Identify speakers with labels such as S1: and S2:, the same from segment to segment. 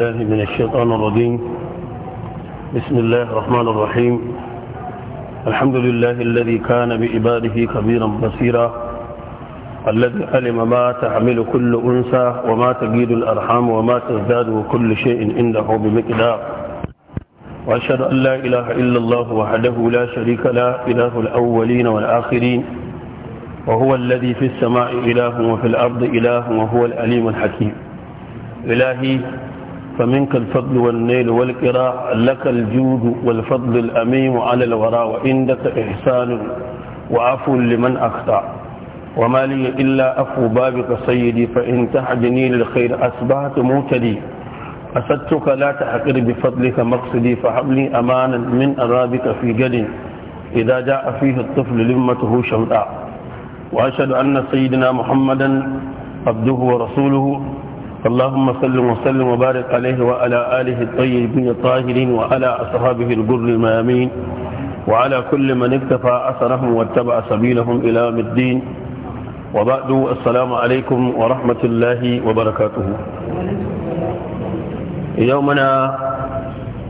S1: الله من الشيطان الرجيم بسم الله الرحمن الرحيم الحمد لله الذي كان بإباده كبيرا بصيرا الذي علم ما تعمل كل أنسى وما تجيد الأرحام وما تزداد كل شيء عنده بمقدار وأشهد أن لا إله إلا الله وحده لا شريك له إله الأولين والآخرين وهو الذي في السماء إله وفي الأرض إله وهو الأليم الحكيم إلهي فمنك الفضل والنيل والقراء لك الجود والفضل الأميم على الورى وعندك إحسان وعفو لمن أخطأ وما لي إلا أفو بابك سيدي فإن تحجني للخير أصبحت موتدي أسدتك لا تحقر بفضلك مقصدي فحبني أمانا من أرابك في جد إذا جاء فيه الطفل لمته شمعاء وأشهد أن سيدنا محمدا عبده ورسوله اللهم صل وسلم وبارك عليه وعلى آله الطيبين الطاهرين وعلى أصحابه الجر الميامين وعلى كل من اكتفى أثرهم واتبع سبيلهم إلى الدين وبعد السلام عليكم ورحمة الله وبركاته يومنا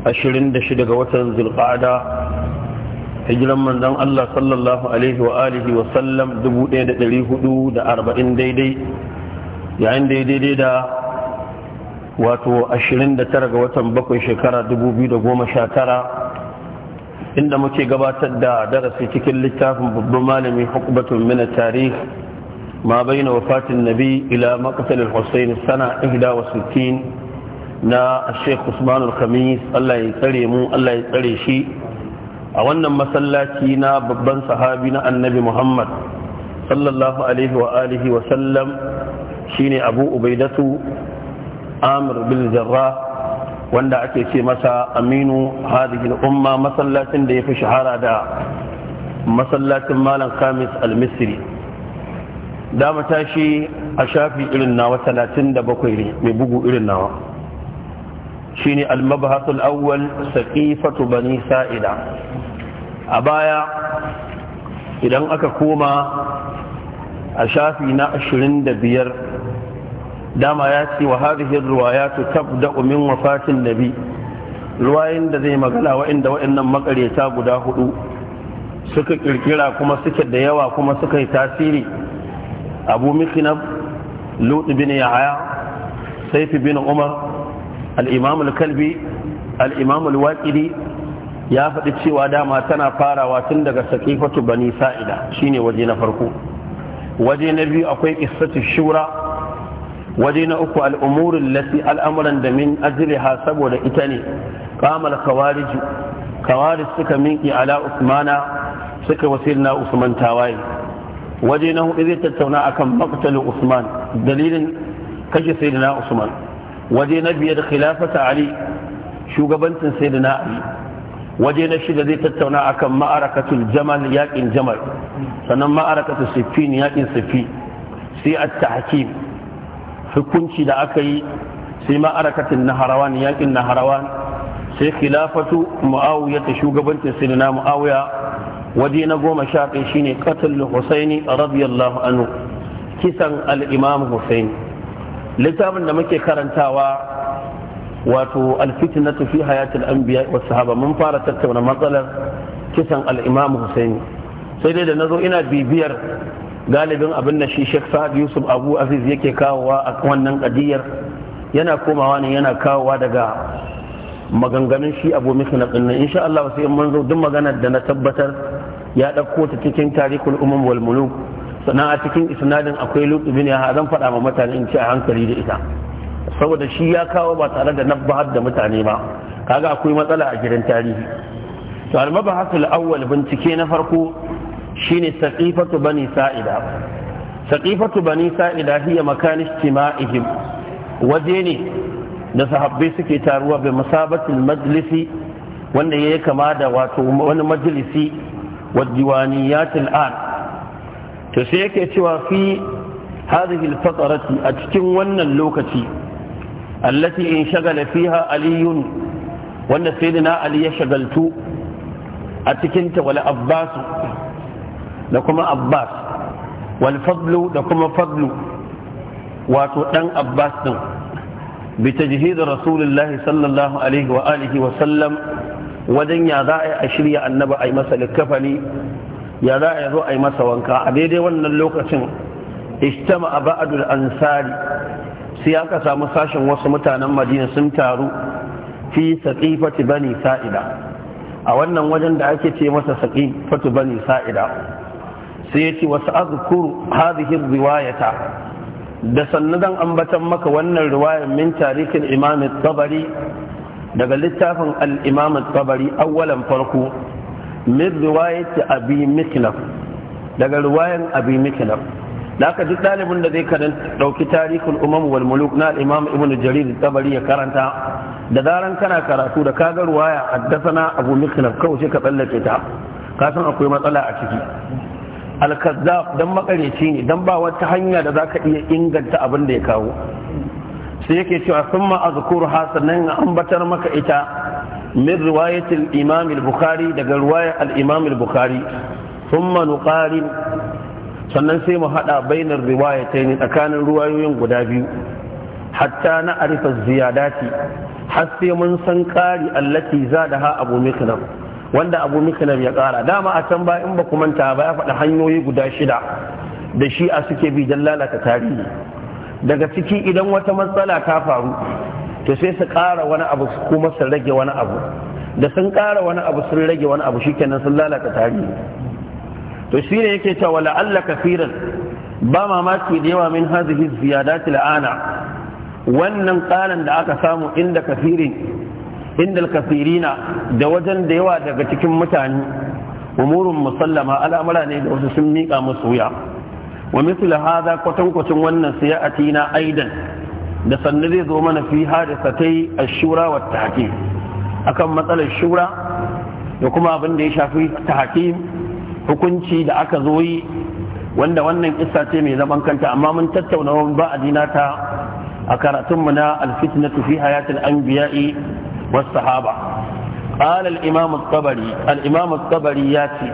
S1: أشرين دشدق وتنزل القعدة hijiran manzon Allah sallallahu alaihi wa alihi wa sallam 1440 daidai yayin da daidai da wato 29 ga watan bakwai shekara 2019 inda muke gabatar da darasi cikin littafin babban malami hukubatun mina tarih ma bayyana wafatin nabi ila makasalin hussein sana 61 na sheikh usman al-khamis allah ya tsare mu allah ya tsare shi a wannan masallaci na babban sahabi na annabi muhammad sallallahu alaihi wa alihi wa sallam shine abu ubaidatu amir bin jarrah wanda ake ce masa aminu hadihin umma masallacin da ya fi shahara da masallacin malam kamis al-misri dama tashi a shafi irin nawa 37 ne mai bugu irin nawa shine al-mabhasul awwal saqifatu bani sa'ida a baya idan aka koma a shafi na biyar. dama ya ce wa hadhihi riwayatu tabda'u umin wafatin nabi ruwayin da zai magana wa'inda wa'annan makaryata guda hudu suka kirkira kuma suke da yawa kuma suka yi tasiri abu mikinab lut bin Yahaya, Saifi bin umar al kalbi al-imam ya faɗi cewa dama tana farawa tun daga saqifatu bani sa'ida shine waje na farko waje na biyu akwai qissatu shura waje na uku al'umurin lati al'amuran da min ajiliha saboda ita ne kamar kawariju kawarij suka minki ala usmana suka wasir na usman tawaye waje na hudu zai tattauna akan maktalin usman dalilin kashe sayyidina usman waje na biyar khilafata ali shugabancin sayyidina ali waje na shida zai tattauna akan ma'arakatul jamal yakin jamal sannan ma'arakatul siffin yakin siffi sai at-tahkim hukunci da aka yi sai ma'arakatin naharawan yakin naharawan sai khilafatu muawiya ta shugabancin sirina muawiya waje na goma sha ɗaya shine qatl husaini radiyallahu anhu kisan al-imam husaini littafin da muke karantawa wato al-fitnatu fi hayatil anbiya wa sahaba mun fara tattauna matsalar kisan al-imam husaini sai dai da nazo ina bibiyar galibin abin da shi Sheikh Sa'ad Yusuf Abu Aziz yake kawowa a wannan kadiyar yana komawa ne yana kawowa daga maganganun shi Abu Mikhnaf din insha Allah sai mun zo duk maganar da na tabbatar ya dauko ta cikin tarikul umum wal sannan a cikin isnadin akwai Lut ibn ya zan faɗa ma mutane in ci a hankali da ita saboda shi ya kawo ba tare da nabbahar da mutane ba kaga akwai matsala a gidan tarihi to al-mabahasul awwal bincike na farko shine saqifatu bani sa'ida saqifatu bani sa'ida hiya makan ijtima'ihim waje ne da sahabbai suke taruwa bi musabatil majlisi wanda yi kama da wato wani majlisi wa diwaniyatil an to sai yake cewa fi hadhihi al-fatarati a cikin wannan lokaci allati in shagala fiha aliyun wanda sayyidina ali ya shagaltu a cikin ta wal abbasu da kuma abbas walFablu, da kuma Fablu, wato dan abbas din bi tajhid rasulullahi sallallahu alaihi wa alihi wa sallam wajen ya za a shirya annaba a yi masa likkafani ya za a zo a yi masa wanka a daidai wannan lokacin ishtama a ba'adul ansari sai aka samu sashen wasu mutanen madina sun taru fi saƙifati bani sa'ida a wannan wajen da ake ce masa saƙifatu bani sa'ida sai ya ce wasu azkur hadhihi riwayata da sannadan ambatan maka wannan riwayar min tarikin imam tabari daga littafin al-imam tabari awwalan farko min riwayati abi miklaf daga riwayar abi miklaf da aka duk ɗalibin da zai karanta ɗauki tarihin umam wal muluk na imam ibn jarir tabari ya karanta da zaran kana karatu da kaga ruwaya na abu miklaf kawai sai ka tsallake ta ka akwai matsala a ciki alkazzab dan makareci ne dan ba wata hanya da za ka iya inganta abin da ya kawo sai yake cewa summa azkur hasanan ambatar maka ita min riwayat al-imam al-bukhari daga riwayar al-imam al-bukhari summa nuqarin sannan sai mu hada bainar riwayatayn tsakanin riwayoyin guda biyu hatta na arifa ziyadati har sai mun san kari allati zadaha abu miknab wanda abu miknab ya kara dama a can ba in ba manta ba ya faɗa hanyoyi guda shida da shi'a suke bi don lalata tarihi daga ciki idan wata matsala ta faru to sai su ƙara wani abu kuma su rage wani abu da sun ƙara wani abu sun rage wani abu shikenan sun lalata tarihi to shi ne yake cewa Allah kafiran ba mamaki da yawa min hazihi ziyadati la'ana wannan ƙaran da aka samu inda kafirin indal kafirina da wajen da yawa daga cikin mutane umurun musallama al'amura ne da wasu sun miƙa musu wuya wa misli hadha kwatankwacin wannan atina aidan da sannu zai zo mana fi hadisatai ashura wa tahkim akan matsalar shura da kuma abin da ya shafi tahkim hukunci da aka zo yi wanda wannan kissa ce mai zaman kanta amma mun tattauna wani ba'adina ta a karatunmu na alfitnatu fi hayatil anbiya'i والصحابة قال الإمام الطبري الإمام الطبري ياتي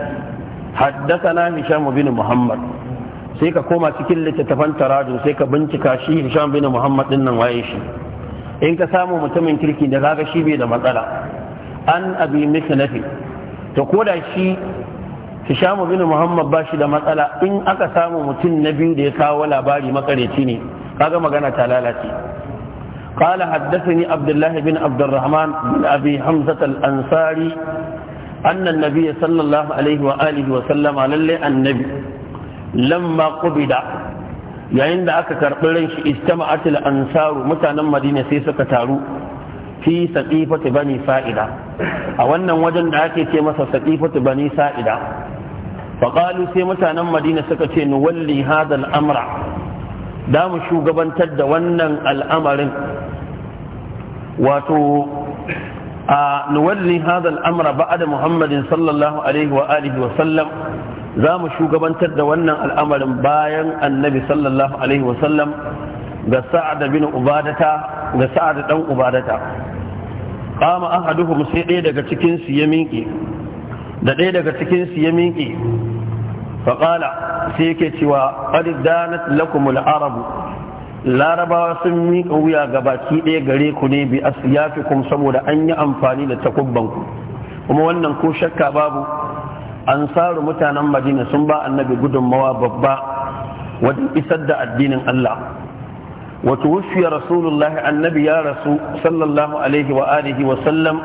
S1: حدثنا هشام بن محمد sai ka koma cikin littattafan tarajin sai ka bincika shi Hisham bin Muhammad din nan waye shi in ka samu mutumin kirki da kaga shi bai da matsala an abi misnafi to koda shi Hisham bin Muhammad ba shi da matsala in aka samu mutum na biyu da ya kawo labari makareci ne kaga magana ta lalace قال حدثني عبد الله بن عبد الرحمن بن أبي حمزة الأنصاري أن النبي صلى الله عليه وآله وسلم على النبي لما قبض yayin da aka karɓi ran shi istama'atul ansaru mutanen madina sai suka taru fi saqifati bani sa'ida a wannan wajen da ake ce masa saqifati bani sa'ida fa qalu sai mutanen madina suka ce nu walli hadha al-amra da mu shugabantar da wannan al'amarin wato a nuwalli hadha al'amra da muhammadin sallallahu alaihi wa alihi wa sallam za mu shugabantar da wannan al'amarin bayan annabi sallallahu alaihi wa sallam ga sa'ad bin ubadata ga sa'ad dan ubadata qama haduhu sai ɗaya daga cikinsu ya miƙe da ɗaya daga cikinsu ya miƙe faƙala sai yake cewa qad danat lakum arabu larabawa sun miƙa wuya ga baki ɗaya gare ku ne bi asiyafi kum saboda an yi amfani da takubban ku kuma wannan ko shakka babu ansaru mutanen madina sun ba annabi gudunmawa babba wajen isar da addinin Allah wata wufiya rasulullahi annabi ya rasu sallallahu alaihi wa alihi wa sallam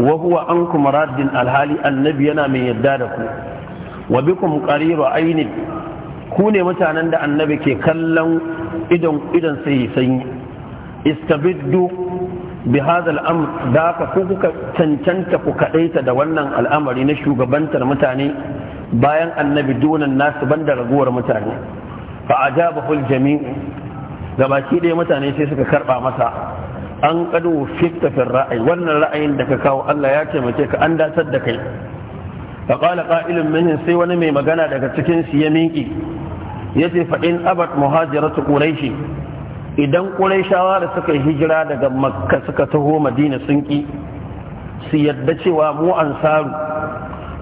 S1: wa huwa an kuma raddin alhali annabi yana mai yadda da ku wa bikum qariru ainin ku ne mutanen da annabi ke kallon idan idan sai sanyi istabiddu bi hadha al'amr da ka ku kuka cancanta ku kadaita da wannan al'amari na shugabantar mutane bayan annabi dunan nasu banda raguwar mutane fa ajabahu al-jami' shi ɗaya mutane sai suka karba masa an kadu fitta fi ra'ayi wannan ra'ayin da ka kawo Allah ya taimake ka an datar da kai fa qala qa'ilun minhum sai wani mai magana daga cikin su ya miƙi yace fa in abat muhajiratu quraishi idan quraishawa da suka hijira daga makka suka taho madina sun ki su yadda cewa mu ansaru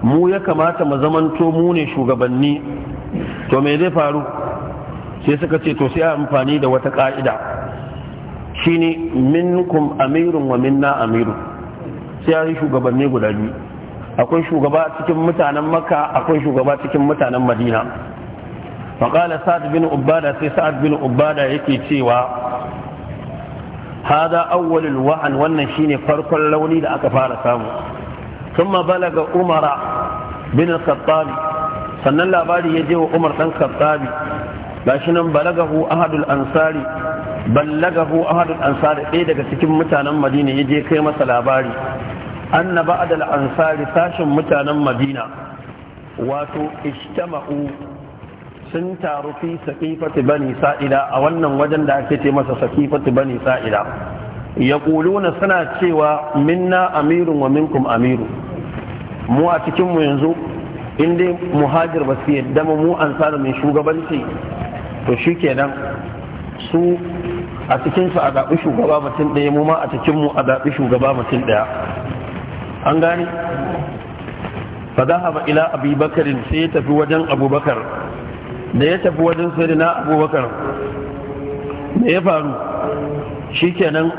S1: mu ya kamata mu zamanto mu ne shugabanni to me zai faru sai suka ce to sai amfani da wata ka'ida shine minkum amirun wa minna amirun sai ya shugabanni guda biyu akwai shugaba cikin mutanen makka akwai shugaba cikin mutanen madina faƙala sa'ad bin ubada sai sa'ad bin ubada yake cewa haza awwalul wa'an wannan shine farkon launi da aka fara samu thumma balaga umara bin al sannan labari ya je wa umar dan khattabi gashi nan balagahu ahadul ansari ballagahu ahadul ansari ɗaya daga cikin mutanen madina ya je kai masa labari anna ba'dal ansari sashin mutanen madina wato ijtama'u sun taru fi saƙifati bani sa'ida a wannan wajen da ake ce masa saƙifati bani sa'ida ya ƙuluna suna cewa minna amirun wa minkum amiru mu a cikinmu yanzu inda dai muhajir ba su yadda mu an sa mai shugabanci to shi kenan su a cikinsu a zaɓi shugaba mutum ɗaya mu ma a cikinmu a zaɓi shugaba mutum ɗaya an gane فذهب إلى أبي بكر سيتفي وجن أبو بكر da ya tafi wajen sai na abubakar da ya faru shi kenan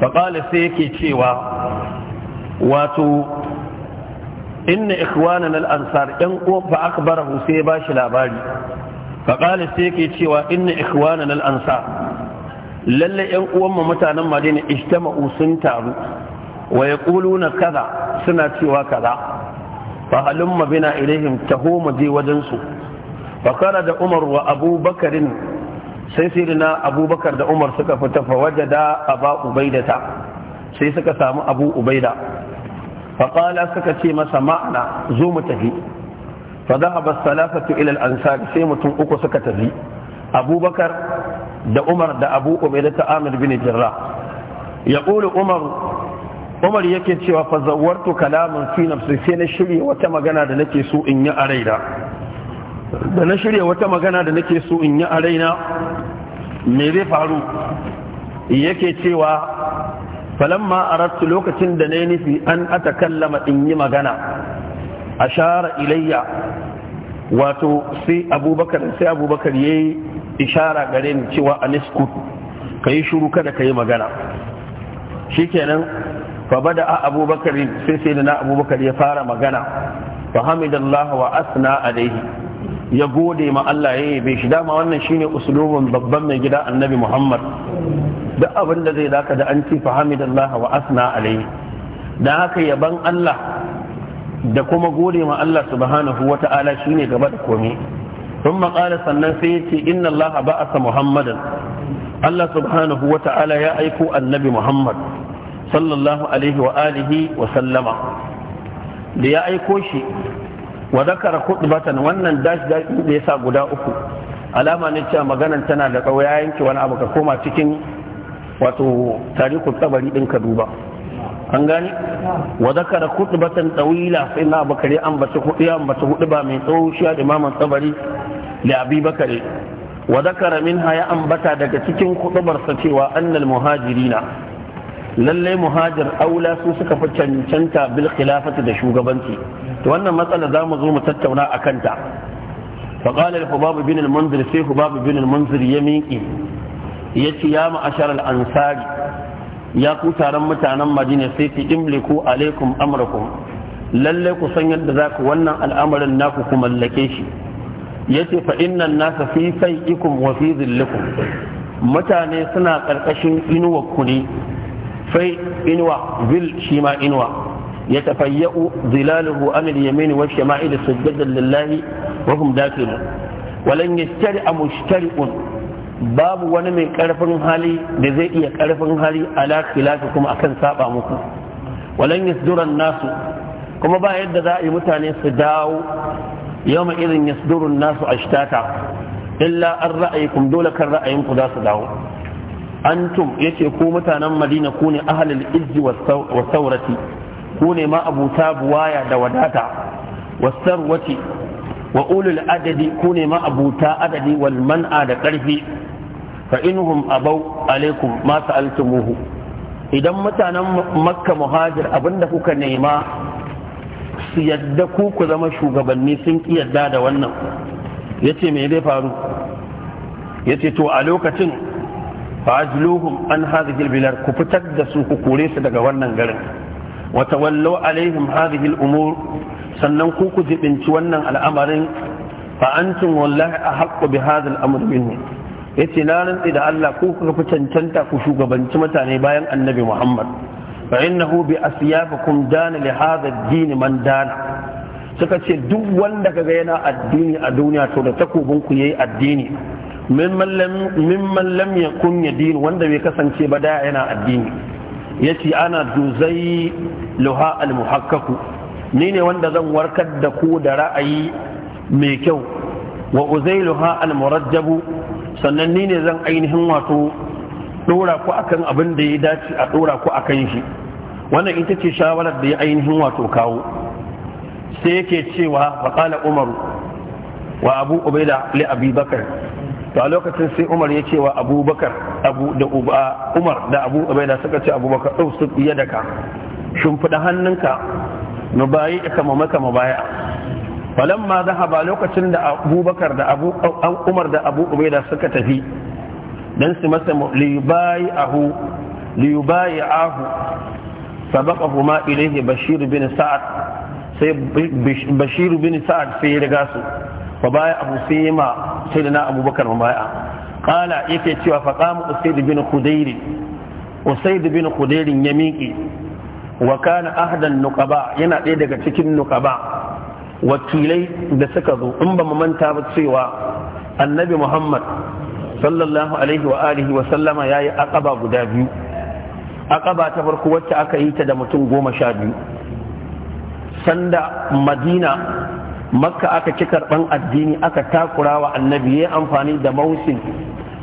S1: faƙalar sai yake cewa wato inna ikwanan al'ansar ‘yan ƙofa akbar sai ya ba shi labari faƙalar sai yake cewa inna ikwanan al'ansar lalle ‘yan uwanmu mutanen madina ishtama'u sun taru wa ya kaza suna cewa kaza fa halumma bina ilaihim taho mu je wajensu fakana da umar wa abubakarin sai sirina abubakar da umar suka fita fawaje da aba ubaidata sai suka samu abu ubaida fakala suka ce masa ma'ana zo mu tafi fada abas salafatu ilal ansari sai mutum uku suka tafi abubakar da umar da abu ubaidata amir bin jirra ya ƙuri umar umar yake cewa fazawartu kalamun fi nafsu sai na shirya wata magana da nake so in yi a raina da na shirya wata magana da nake so in yi a raina me zai faru yake cewa falamma arattu lokacin da na nufi an kallama in yi magana a shara ilayya wato sai abubakar sai abubakar ya yi ishara gare ni cewa anisku ka yi shuru kada ka yi magana shikenan fa a abubakar sai sai na abubakar ya fara magana fa hamidallahu wa asna alaihi ya gode ma Allah ya yabe shi dama wannan shine uslubun babban mai gida annabi Muhammad duk abin da zai daka da an ci fahamidallahi wa asna alai Da haka yaban Allah da kuma gode ma Allah subhanahu ta'ala shine gaba da komai ثم قال sannan sai yace inna Allah ba'atha Muhammadan Allah subhanahu ta'ala ya aiko annabi Muhammad sallallahu alaihi wa alihi wa sallama da ya aiko shi wa zakara khutbatan wannan dash dash da yasa guda uku alama ne cewa maganan tana da tsawo ya yanke wani abu ka koma cikin wato tarihi tsabari din ka duba an gani wa zakara khutbatan tawila sai na bakari an bace hudu ya bace hudu ba mai tsawo shi da imaman tsabari da abi bakare wa zakara minha ya ambata daga cikin khutbar sa cewa annal muhajirina lallai muhajir aula su suka fi cancanta bil khilafati da shugabanci to wannan matsala za mu zo mu tattauna a kanta فقال الحباب بن المنذر سي حباب بن المنذر يمينكي يتي يا معشر الأنصار يا كوتارن متانن مدينة سيتي املكوا عليكم أمركم lalle ku san yadda za ku wannan al'amarin naku ku mallake shi yace fa innan nasa fi sai'ikum wa fi zillikum mutane suna ƙarƙashin inuwa ku ne fai inuwa vil shi inuwa ya tafayya'u zilaluhu an al-yamin wa shama'il sujadan lillahi wa hum dakilun walan yastari'a mushtari'un babu wani mai karfin hali da zai iya karfin hali ala khilafi kuma akan saba muku walan yasduran nasu kuma ba yadda za a yi mutane su dawo yawma irin yasdurun nasu a ashtata illa an ra'ayikum dole kan ra'ayinku za su dawo antum yace ko mutanen madina ku ne ahlul izzi wa saurati ku ne ma abuta buwaya da wadata wa sarwati wa ulul adadi ku ne ma abuta adadi wal man'a da karfi fa inhum abau alaikum ma sa'altumuhu idan mutanen makka muhajir abinda kuka nema su yadda ku ku zama shugabanni sun ki yadda da wannan yace me zai faru yace to a lokacin fajluhum an hadhihi albilad ku fitar da su ku kore su daga wannan garin wa tawallu alaihim hadhihi al'umur sannan ku ku jibinci wannan al'amarin fa antum wallahi a bi hadha al'amr minni yace na rantsi da Allah ku kuka fi cancanta ku shugabanci mutane bayan annabi Muhammad fa innahu bi asyabikum dana li hadha ad-din man dana suka ce duk wanda kaga yana addini a duniya to da takobin ku yayi addini mimman lam yakun yadin wanda bai kasance ba da yana addini yace ana duzai luha al muhakkaku ni ne wanda zan warkar da ku da ra'ayi mai kyau wa uzailuha al murajjabu sannan ni ne zan ainihin wato dora ku akan abin da ya dace a dora ku akan shi wannan ita ce shawarar da ya ainihin wato kawo sai yake cewa faqala umaru wa abu ubaida li abi bakar to a lokacin sai umar ya ce wa abubakar abu da uba umar da abu ubaida suka ce abubakar ɗau su iya da ka shimfiɗa hannunka na bayi ka maka za a ba lokacin da abubakar da abu umar da abu da suka tafi dan su masa liyubayi ahu liyubayi ahu sabaqahu ma ilayhi bashir bin sa'ad sai bashir bin sa'ad sai ya riga su fa baya abu sai sai da na abubakar ma baya kala yake cewa fa kama usaid bin khudair usaid bin khudair ya miƙe wa ahdan nuqaba yana ɗaya daga cikin nuqaba wakilai da suka zo in ba mu manta ba cewa annabi muhammad sallallahu alaihi wa alihi wa sallama yayi aƙaba guda biyu Aƙaba ta farko wacce aka yi ta da mutum goma sha biyu sanda madina makka aka ci karɓan addini aka takura wa annabi ya amfani da mausin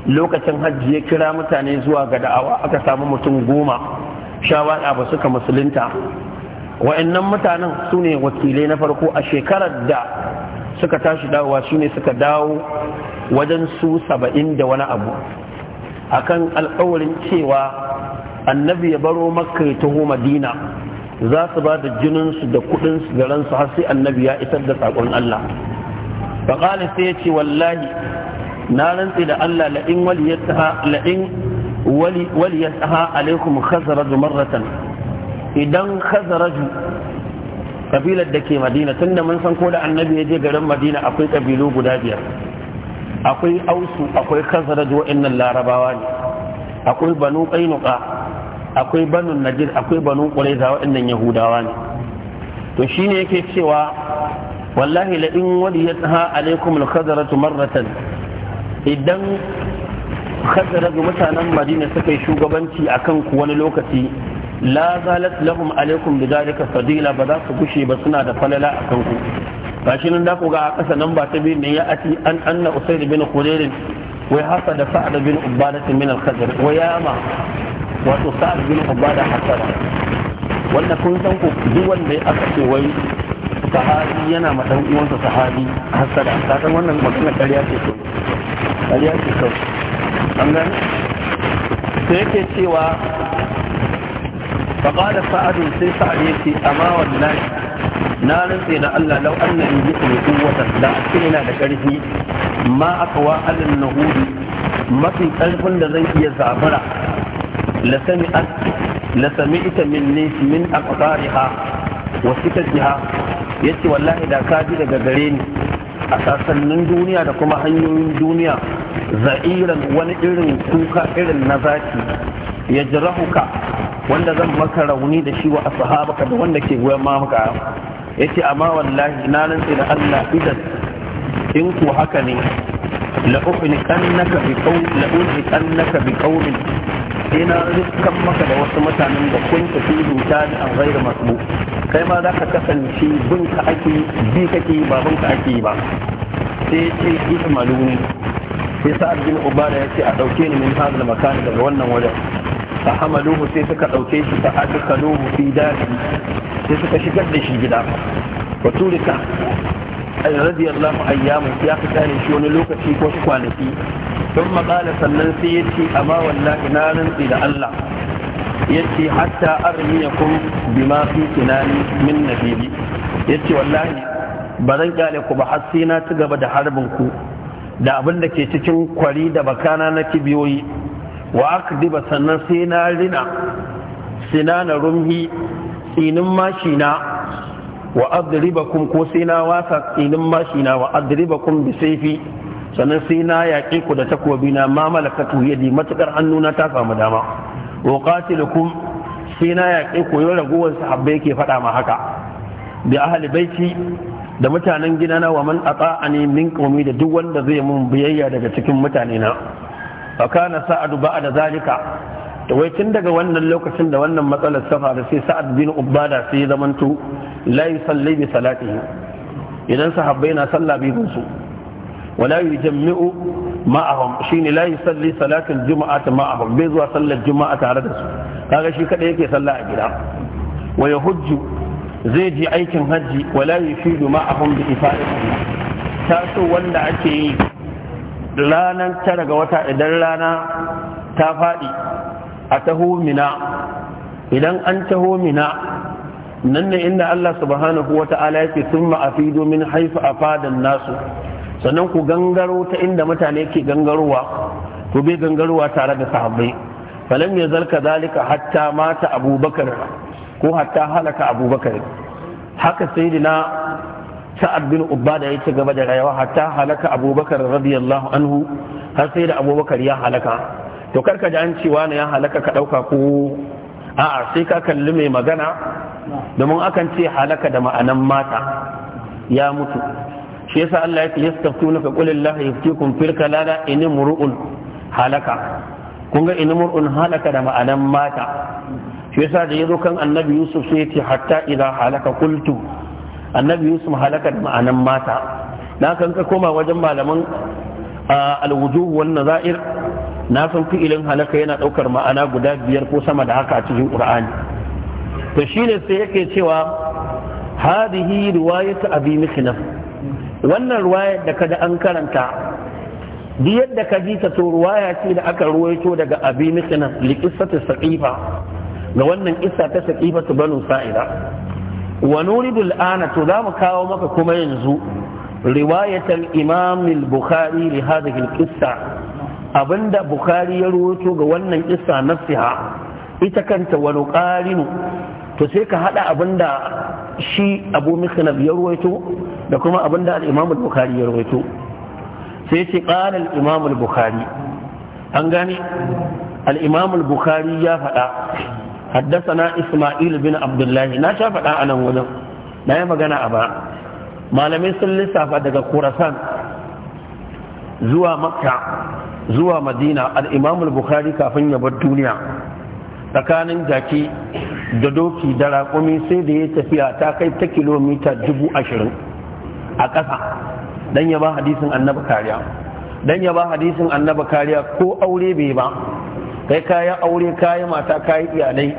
S1: lokacin hajji ya kira mutane zuwa ga da'awa aka samu mutum goma shawara ba suka musulunta wa'annan mutanen su ne wakilai na farko a shekarar da suka tashi dawowa su ne suka dawo wajen su saba'in da wani abu akan alkawarin cewa annabi ya baro makka ya taho madina za su ba da jininsu da kudinsu da ransu har sai annabi ya isar da saƙon Allah faƙali sai yace ce wallahi na rantse da Allah la'in waliyataha alaikum khazaraju marratan idan khazaraju kabilar da ke madina tunda mun san ko da annabi ya je garin madina akwai kabilu guda biyar akwai ausu akwai khazaraju waɗannan larabawa ne akwai banu qainuqa akwai banun najir akwai banun quraiza waɗannan yahudawa ne to shine yake cewa wallahi la in waliyatha alaikum khadratu marratan idan khadratu mutanen madina suka yi shugabanci akan ku wani lokaci la zalat lahum alaikum bidalika fadila ba za su gushe ba suna da falala akan ku gashi nan da ku ga a ƙasa nan ba ta biyu ne ya ati an anna usayd bin khudayr wai hasa da bin ubadah min al-khadr wa yama wato sa'ad bin ubada hasara wanda kun san ku duk wanda ya aka ce wai sahabi yana ma dan uwansa sahabi hasara ka san wannan magana ƙarya ce to ƙarya ce to an gani sai yake cewa فقال سعد sai سعد يتي amma والله na rantse da Allah lau an na yi ne kuwata da ake yana da ƙarfi ma aka wa alin nahudi mafi ƙarfin da zan iya zafara لسمعت لسمعت مني من أقطارها وسكتها yace wallahi da ka ji daga gare ni a sassanin duniya da kuma hanyoyin duniya za'iran wani irin kuka irin na zaki ya jirahuka wanda zan maka rauni da shi wa ashabaka da wanda ke goyon maka yace amma wallahi na rantsi da Allah idan in ku haka ne la ukhni kannaka bi bi qawlin sai na rikkan maka da wasu mutanen da kun tafi hinta da an gaira masu kai ma za ka kasance bin ka ake bi kake ba bin ka ake ba sai ce ita malumi sai sa'ad bin ubada ya ce a ɗauke ni min hazal makani daga wannan wajen fa hamaluhu sai suka ɗauke shi ta fa adkaluhu fi dari sai suka shigar da shi gida wa turika radiyallahu ayyamu ya fita ne shi wani lokaci ko shi kwanaki Don maƙala sannan sai ya ce amma wallahi na rantsi da Allah ya ce hatta armiyakum bima fi kinani min nabiyi ya ce wallahi ba zan kyale ku ba har sai na cigaba da harbin ku da abin da ke cikin kwari da bakana na kibiyoyi wa diba sannan sai na rina sinana rumhi tsinin mashina wa adribakum ko sai na wasa tsinin mashina wa adribakum bi saifi sannan sai na yaƙe ku da takobi na ma malakatu yadi matukar hannuna ta samu dama wa qatilukum sai na yaƙe ku yau ragowar sahabbai yake faɗa ma haka bi ahli baiti da mutanen na wa man ata'ani min qaumi da duk wanda zai mun biyayya daga cikin mutane na fa kana sa'adu ba'da zalika to wai tun daga wannan lokacin da wannan matsalar ta faru sai sa'ad bin ubada sai ya zamanto la yusalli bi salatihi idan sahabbai na sallah bi su wala yujammi'u ma'ahum shine la yusalli salatul juma'ata ma'ahum bai zuwa sallar juma'a tare da su kaga shi kada yake sallah a gida wa hujju zai je aikin hajji wala yushidu ma'ahum bi ifadati taso wanda ake yi ranar tara ga wata idan rana ta faɗi a taho mina idan an taho mina nan ne inda Allah subhanahu wa sun ma'afido domin haifa a fadan nasu sannan ku gangaro ta inda mutane ke gangarowa ku bai gangarowa tare da sahabbai falam ya zalka zalika hatta mata abubakar ko hatta halaka abubakar haka sayyidina sa'ad bin ubada ya ci gaba da rayuwa hatta halaka abubakar radiyallahu anhu har sai da abubakar ya halaka to karka ji an cewa ne ya halaka ka dauka ko a'a sai ka kalli mai magana domin akan ce halaka da ma'anan mata ya mutu shi yasa Allah ya ce yastaftunaka qul illahu yuftikum fil kalala in mur'un halaka kun ga in mur'un halaka da ma'anan mata shi yasa da yazo kan annabi Yusuf sai ya ce hatta idza halaka qultu annabi Yusuf halaka da ma'anan mata na kan ka koma wajen malaman alwujuh wan nazair na san fi'ilin halaka yana daukar ma'ana guda biyar ko sama da haka a cikin Qur'ani to shine sai yake cewa هذه رواية أبي مخنف wannan ruwayar da kada an karanta duk yadda ka ji ta to ruwaya ce da aka ruwaito daga abi misina liqissatu saqifa ga wannan isa ta ta banu sa'ida wa nuridu al'ana to za mu kawo maka kuma yanzu riwayatan imam al-bukhari li hadhihi al-qissa abinda bukhari ya ruwaito ga wannan isa nafsiha ita kanta wa nuqarinu to sai ka hada abinda shi abu misnad ya ruwaito da kuma abin da al’imam bukhari ya rawaito sai ce ƙanar al’imam bukhari an gane al’imam bukhari ya faɗa haddasa na isma'il bin abdullahi na sha faɗa a nan wajen na yi magana a ba malamai sun lissafa daga kurasan zuwa makka zuwa madina al’imam bukhari kafin ya bar duniya tsakanin jaki da doki da raƙumi sai da ya tafiya ta kai ta kilomita dubu ashirin a ƙasa dan ya ba hadisin annabi kariya don ya ba hadisin kariya ko aure bai ba kai kayi aure kayi mata kayi iyalai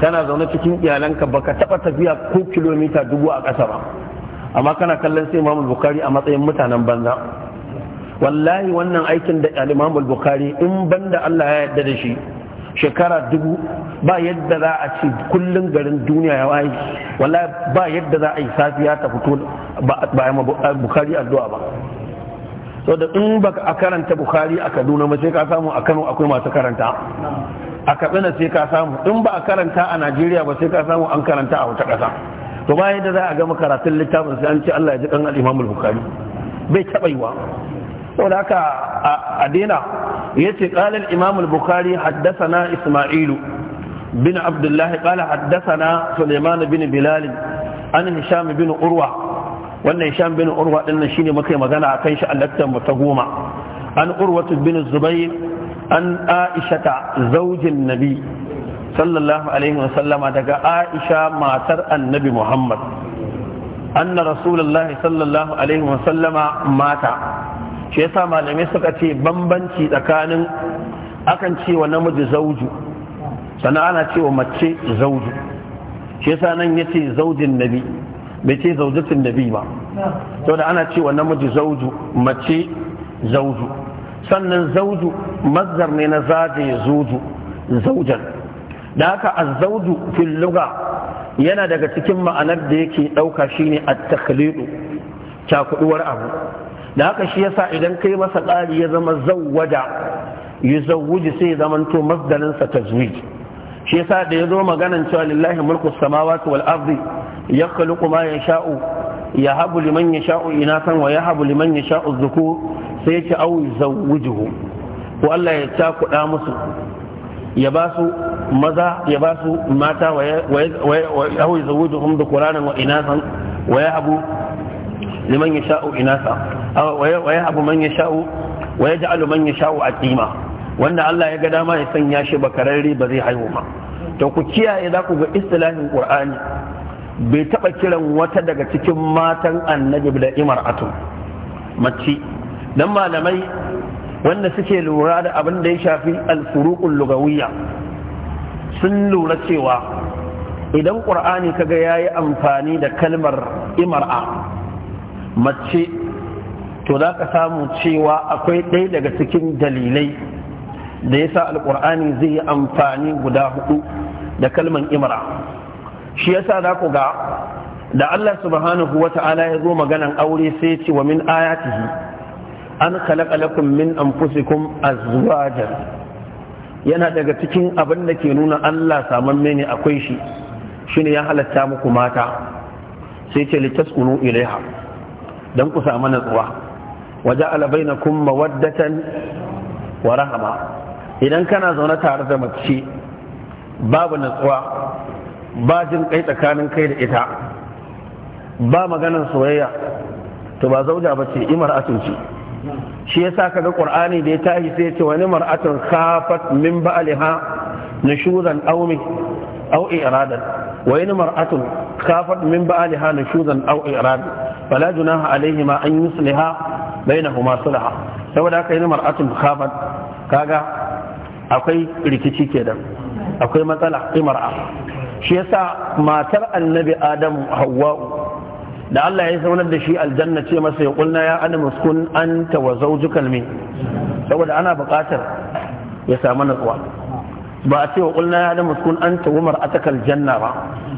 S1: kana zaune cikin iyalanka baka taba tafiya ko kilomita dubu a ƙasa ba amma kana kallon sai Imam Bukari a matsayin mutanen banza wallahi wannan aikin da Imam Bukari in banda Allah ya yarda da shi shekara dubu ba yadda za a ce kullum garin duniya ya waye wallahi ba yadda za a yi safiya ta fito ba a bukari addu'a ba so da in ba a karanta bukari a kaduna ba sai ka samu a kano akwai masu karanta a katsina sai ka samu in ba a karanta a najeriya ba sai ka samu an karanta a wata ƙasa to ba yadda za a gama karatun littafin sai an ce allah ya ji kan al'imamul bukari bai taɓa yi yiwa saboda haka a daina ya ce ƙalar imamul bukari haddasa na ismailu bin abdullahi ƙala haddasa na suleiman bin bilalin an hisham bin urwa wannan hisham bin urwa ɗin nan shine muka yi magana a kan shi a lattan mu ta goma an urwatu bin zubair an aishata zaujin nabi sallallahu alaihi wasallama daga aisha matar annabi muhammad anna rasulullahi sallallahu alaihi wasallama mata shi yasa malamai suka ce bambanci tsakanin akan cewa namiji zauju sannan ana cewa mace zauju shi yasa nan ya ce zaujin nabi bai ce zaujatin nabi ba to da ana cewa namiji zauju mace zauju sannan zauju mazdar ne na zaje zuju zaujan da haka a zauju fil luga yana daga cikin ma'anar da yake dauka shine a takhlidu cakuduwar abu da haka shi yasa idan kai masa ƙari ya zama zawwada ya zawwuji sai ya zamanto masdarinsa tazwij shi yasa da ya zo maganan cewa lillahi mulku samawati wal ardi ya khluqu ma yasha'u ya habu liman yasha'u inasan wa ya habu liman yasha'u zuku sai ya ce au zawwujuhu ko Allah ya takuda musu ya ba su maza ya ba su mata wa ya zawwujuhum zawujuhum dhukuranan wa inasan wa ya habu liman ya sha'u inasa wa ja'alu man ya a tsima wanda Allah ya ga dama ya sanya shi bakararre ba zai haihu ba to ku kiyaye za ku ga istilahin qur'ani bai taba kiran wata daga cikin matan annabi da imar'atu mace dan malamai wanda suke lura da abin da ya shafi alfurukun lugawiyya sun lura cewa idan qur'ani kaga yayi amfani da kalmar imar'a mace to za ka samu cewa akwai ɗaya daga cikin dalilai da ya sa alƙur'ani zai yi amfani guda hudu da kalman imara. shi yasa za ku ga da Allah subhanahu wa ta'ala ya zo maganan aure sai ce wa min ayatihi an khalaqa lakum min anfusikum azwajan yana daga cikin abin da ke nuna Allah saman mene akwai shi shine ya halatta muku mata sai ce litaskunu ilaiha Dan ku samu natsuwa waje alabai na kuma waddatan wa rahama idan kana zaune tare da mace babu natsuwa ba jin kai tsakanin kai da ita ba maganar soyayya to ba zauja ba ce imar atunci shi yasa kaga qur'ani da ya tashi sai ce wani mar'atun khafat min ba'liha nushuzan aw mi aw iradan wa in mar'atun khafat min ba'liha nushuzan aw i'rad fala junaha alaihima an yusliha bainahuma sulha saboda haka in mar'atun khafat kaga akwai rikici kenan akwai matsala imara shi yasa matar annabi adamu hawwa'u da Allah ya zaunar da shi aljanna ce masa ya kulna ya ana muskun an ta wa min saboda ana buƙatar ya samu natsuwa ba a ce wa ƙulna ya adamu kun an ta umar atakal janna ba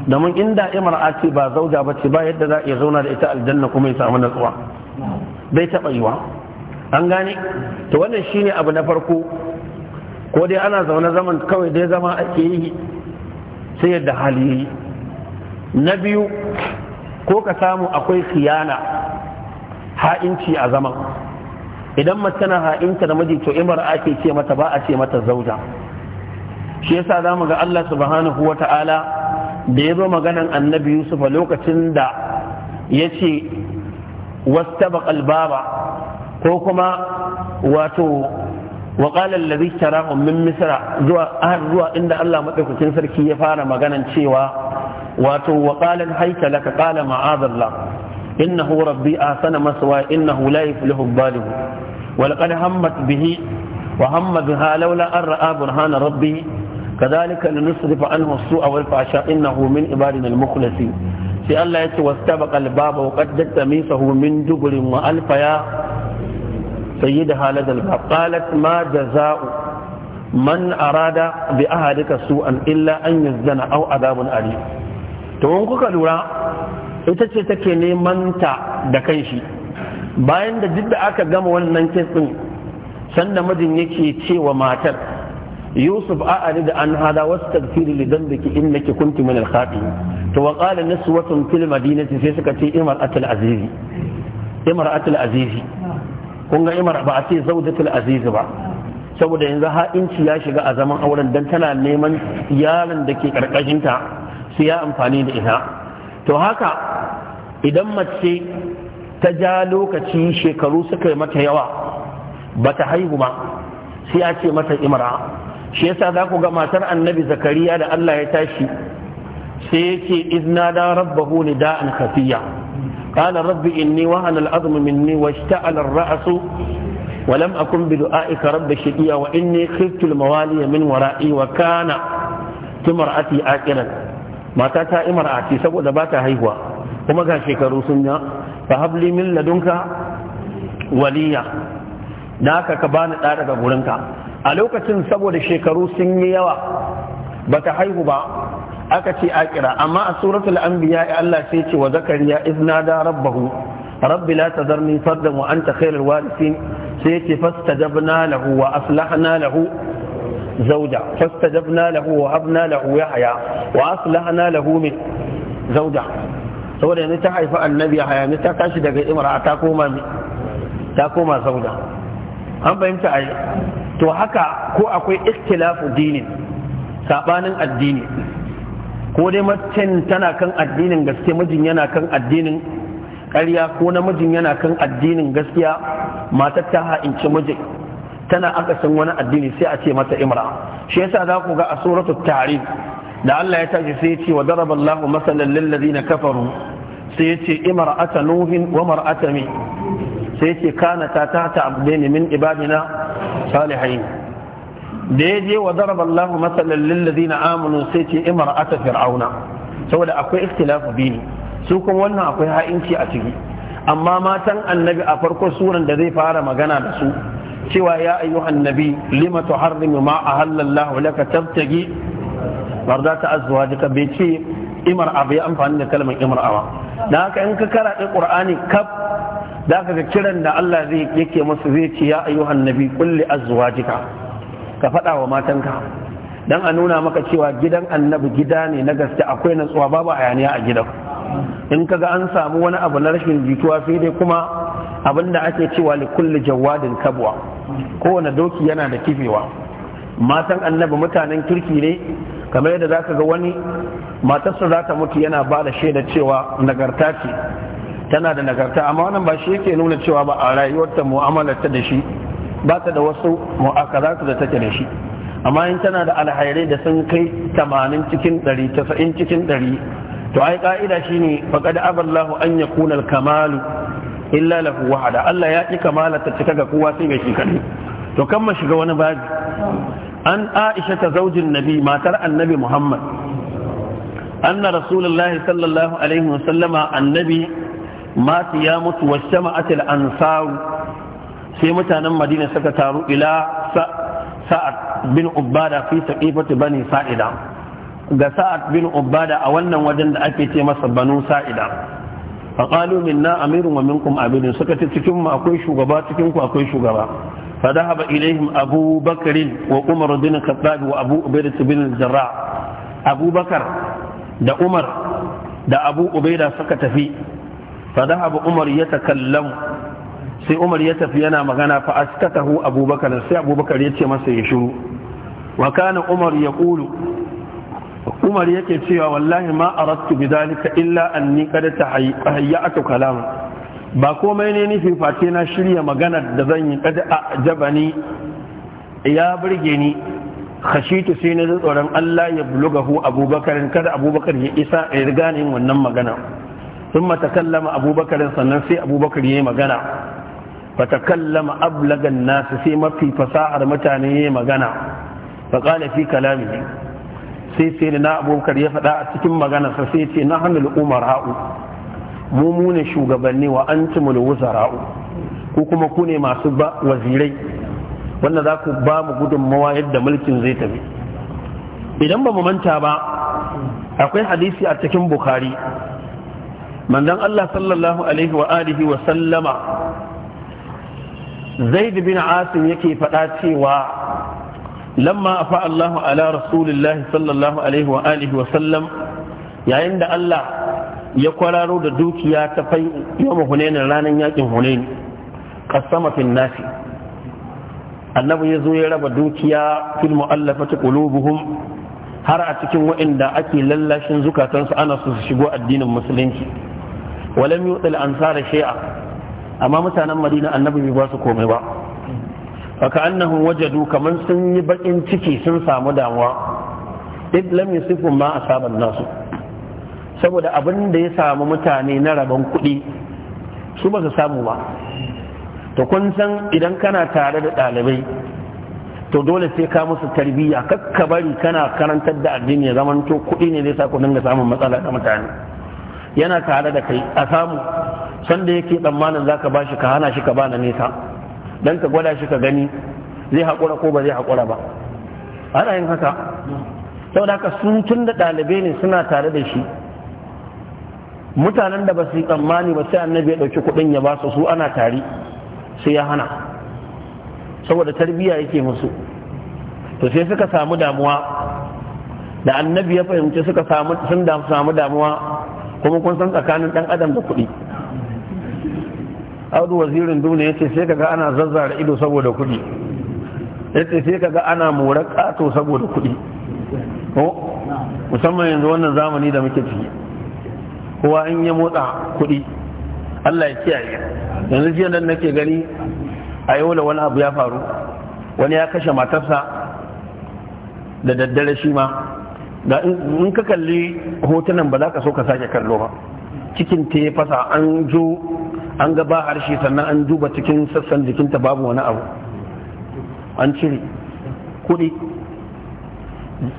S1: domin inda imar a ce ba zauja ba ce ba yadda za a iya zauna da ita aljanna kuma ya samu natsuwa bai taɓa yiwa an gane to wannan shine abu na farko ko dai ana zaune zaman kawai dai zama ke yi sai yadda hali yi na biyu ko ka samu akwai siyana ha'inci a zaman idan mace na ha'inta da miji to imar ake ce mata ba a ce mata zauja shi yasa za mu ga Allah subhanahu wa ta'ala da ya zo maganan annabi Yusuf a lokacin da ya ce wastaba albaba ko kuma wato wa qala alladhi tarahu min misra zuwa inda Allah madaukakin sarki ya fara maganan cewa wato wa qala hayta laka qala Inna hu rabbi ahsana maswa innahu la yuflihu adh-dhalimun wa laqad hammat bihi wa hamma biha laula an ra'a burhana rabbi كذلك لنصرف عنه السوء والفحشاء إنه من عبادنا المخلصين في الله يتي واستبق الباب وقدت تميسه من دبر وألف يا سيدها لدى الباب قالت ما جزاء من أراد بأهلك سوءا إلا أن يزن أو عذاب أليم تونكك لورا ita ce take neman ta da kanshi bayan da duk da aka gama wannan kisin sanda mijin yake cewa matar يوسف أعرض عن هذا واستغفر لذنبك إنك كنت من الخاطئين وقال نسوة في المدينة في سكتي امرأة العزيز امرأة العزيز كنا امرأة بعثي زوجة العزيز بعد saboda yanzu inci ya shiga a zaman auren dan tana neman yaron da ke karkashinta su ya amfani da ita to haka idan mace ta ja lokaci shekaru suka yi mata yawa bata haihu ba sai a ce mata imra shi yasa za ku ga matar annabi zakariya da Allah ya tashi sai yake izna da rabbahu nida'an khafiya qala rabbi inni wahana al'azmu minni washta'ala ar-ra'su wa lam akun bi du'aika rabbi shaqiya wa inni khiftu al-mawali min wara'i wa kana timra'ati aqiran mata ta imra'a ce saboda bata haihuwa kuma ga shekaru sun ya fa habli min ladunka waliya da ka ka bani da daga gurinka a lokacin saboda shekaru sun yi yawa ba ta haihu ba aka ce akira amma a suratul anbiya Allah sai ce wa zakariya izna da rabbahu rabbi la tadarni fardan wa anta khairul warisin sai ce fastajabna lahu wa aslahna lahu زوجة "Wa له وهبنا له يحيى وأصلحنا له من زوجة saboda yanzu ta haifi annabi a ne, ta kashi daga imra ta koma ta koma zauda an fahimta a to haka ko akwai ikhtilafu dinin sabanin addini ko dai macen tana kan addinin gaske mijin yana kan addinin ƙarya ko namijin yana kan addinin gaskiya matar ta ha'inci mijin tana akasin wani addini sai a ce mata imra shi yasa za ku ga a suratul tari. da Allah ya tashi sai ya ce wa daraba Allahu masalan lil ladina kafaru sai ya ce imra'ata nuhin wa mar'ata mi sai ce kana ta tahta abdaini min ibadina salihin da ya je wa daraba Allah masalan lallazi na amanu sai ce imra'ata fir'auna saboda akwai ikhtilafu biyu su kuma wannan akwai ha'inci a ciki amma matan annabi a farko suran da zai fara magana da su cewa ya ayyuhan annabi lima tuharrimu ma ahallallahu laka tabtagi barda ta azwajika bai ce imar abu ya amfani da kalmar imar awa da haka in ka karaɗe Kur'ani kaf da ka ga kiran da Allah zai yake masu zai ce ya ayyuhan nabi kulli azwajika ka faɗawa wa matanka dan a nuna maka cewa gidan annabi gida ne na gaske akwai nutsuwa babu hayaniya a gidan in ka ga an samu wani abu na rashin jituwa sai dai kuma abin da ake cewa li kulli jawadin kabwa kowane doki yana da kifewa matan annabi mutanen kirki ne kamar yadda zaka ga wani matarsa za ta mutu yana ba da shaida cewa nagarta ce tana da nagarta amma wannan ba shi yake nuna cewa ba a rayuwarta mu'amalarta da shi ba ta da wasu mu'akaratu da take da shi amma in tana da alhairai da sun kai tamanin cikin 100 tasa'in cikin 100 to ai ka'ida shine faqad aballahu an yakuna al-kamalu illa lahu wahada Allah ya ki kamala ta cika ga kowa sai ga shi kaɗai. to kan ma shiga wani babi an Aisha ta zaujin Nabi matar Annabi Muhammad anna Rasulullahi sallallahu alaihi wasallama annabi ma ya mutu wa shama'atil ansaru sai mutanen madina suka taru ila sa'ad bin ubada fi saqifati bani sa'ida ga sa'ad bin ubada a wannan wajen da ake ce masa banu sa'ida fa qalu minna amirun wa minkum abidun suka ce cikin mu akwai shugaba cikin ku akwai shugaba fa dhahaba ilaihim abu bakr wa umar bin khattab wa abu ubaidah bin jarrah abubakar da umar da abu ubaida suka tafi fa ba umar yatakallamu sai umar ya tafi yana magana fa askatahu abubakar sai abubakar ya ce masa ya shiru wa kana umar ya kulu umar yake cewa wallahi ma aradtu bidalika illa anni qad tahayyatu kalam ba komai ne nufi face na shirya magana da zan yi qad ajabani ya burge ni khashitu sai na tsoron Allah ya bulugahu abubakar kada abubakar ya isa ya riga wannan magana sun matakallama abubakarin sannan sai abubakar ya yi magana fatakallama ablagan nasu sai mafi fasahar mutane ya yi magana faƙala fi kalami sai sai da na abubakar ya faɗa a cikin magana sa sai ce na hannun umar ha'u mu mu ne shugabanni wa an tumul wuzara'u ko kuma kune masu wazirai wanda za ku ba mu gudunmawa yadda mulkin zai tafi idan ba mu manta ba akwai hadisi a cikin bukhari manzon Allah sallallahu alaihi wa alihi wa sallama zaid bin asim yake faɗa cewa lamma afa Allahu ala rasulillah sallallahu alaihi wa alihi wa sallam yayin da Allah ya kwararo da dukiya ta fai yawon hunainin ranar yakin hunain kasama fin nasi annabi ya zo ya raba dukiya fil mu'allafati qulubuhum har a cikin waɗanda ake lallashin zukatansu ana su shigo addinin musulunci walam an sare shay'a amma mutanen madina annabi bai ba su komai ba faka annahu wajadu kaman sun yi bakin ciki sun samu damuwa id lam yusifu ma asaban nasu saboda abin da ya samu mutane na rabon kuɗi su ba su samu ba to kun san idan kana tare da ɗalibai to dole sai ka musu tarbiyya kakka bari kana karantar da addini ya zamanto kuɗi ne zai sa ku dinga samun matsala da mutane yana tare da kai a samu sanda yake tsammanin zaka ba shi ka hana shi ka bana nesa don ka gwada shi ka gani zai haƙura ko ba zai haƙura ba ana yin haka saboda haka su tun da ɗalibai ne suna tare da shi mutanen da ba su yi tsammani ba sai annabi ya ɗauki kuɗin ya ba su su ana tare sai ya hana saboda tarbiyya yake musu to sai suka samu damuwa da annabi ya fahimci suka samu damuwa kuma kun san tsakanin dan adam da kuɗi audu wazirin duniya ya ce sai kaga ana zazzara ido saboda kuɗi ya ce sai kaga ana morar ƙato saboda kuɗi ko musamman yanzu wannan zamani da muke ciki kowa in ya motsa kuɗi Allah ya kiyaye yanzu jiya nan nake gani a yau da wani abu ya faru wani ya kashe matarsa da daddare shi ma da in ka kalli hotunan ba za ka so ka sake kallo ba cikin ta fasa an jo an gaba harshe sannan an duba cikin sassan jikinta babu wani abu an cire kuɗi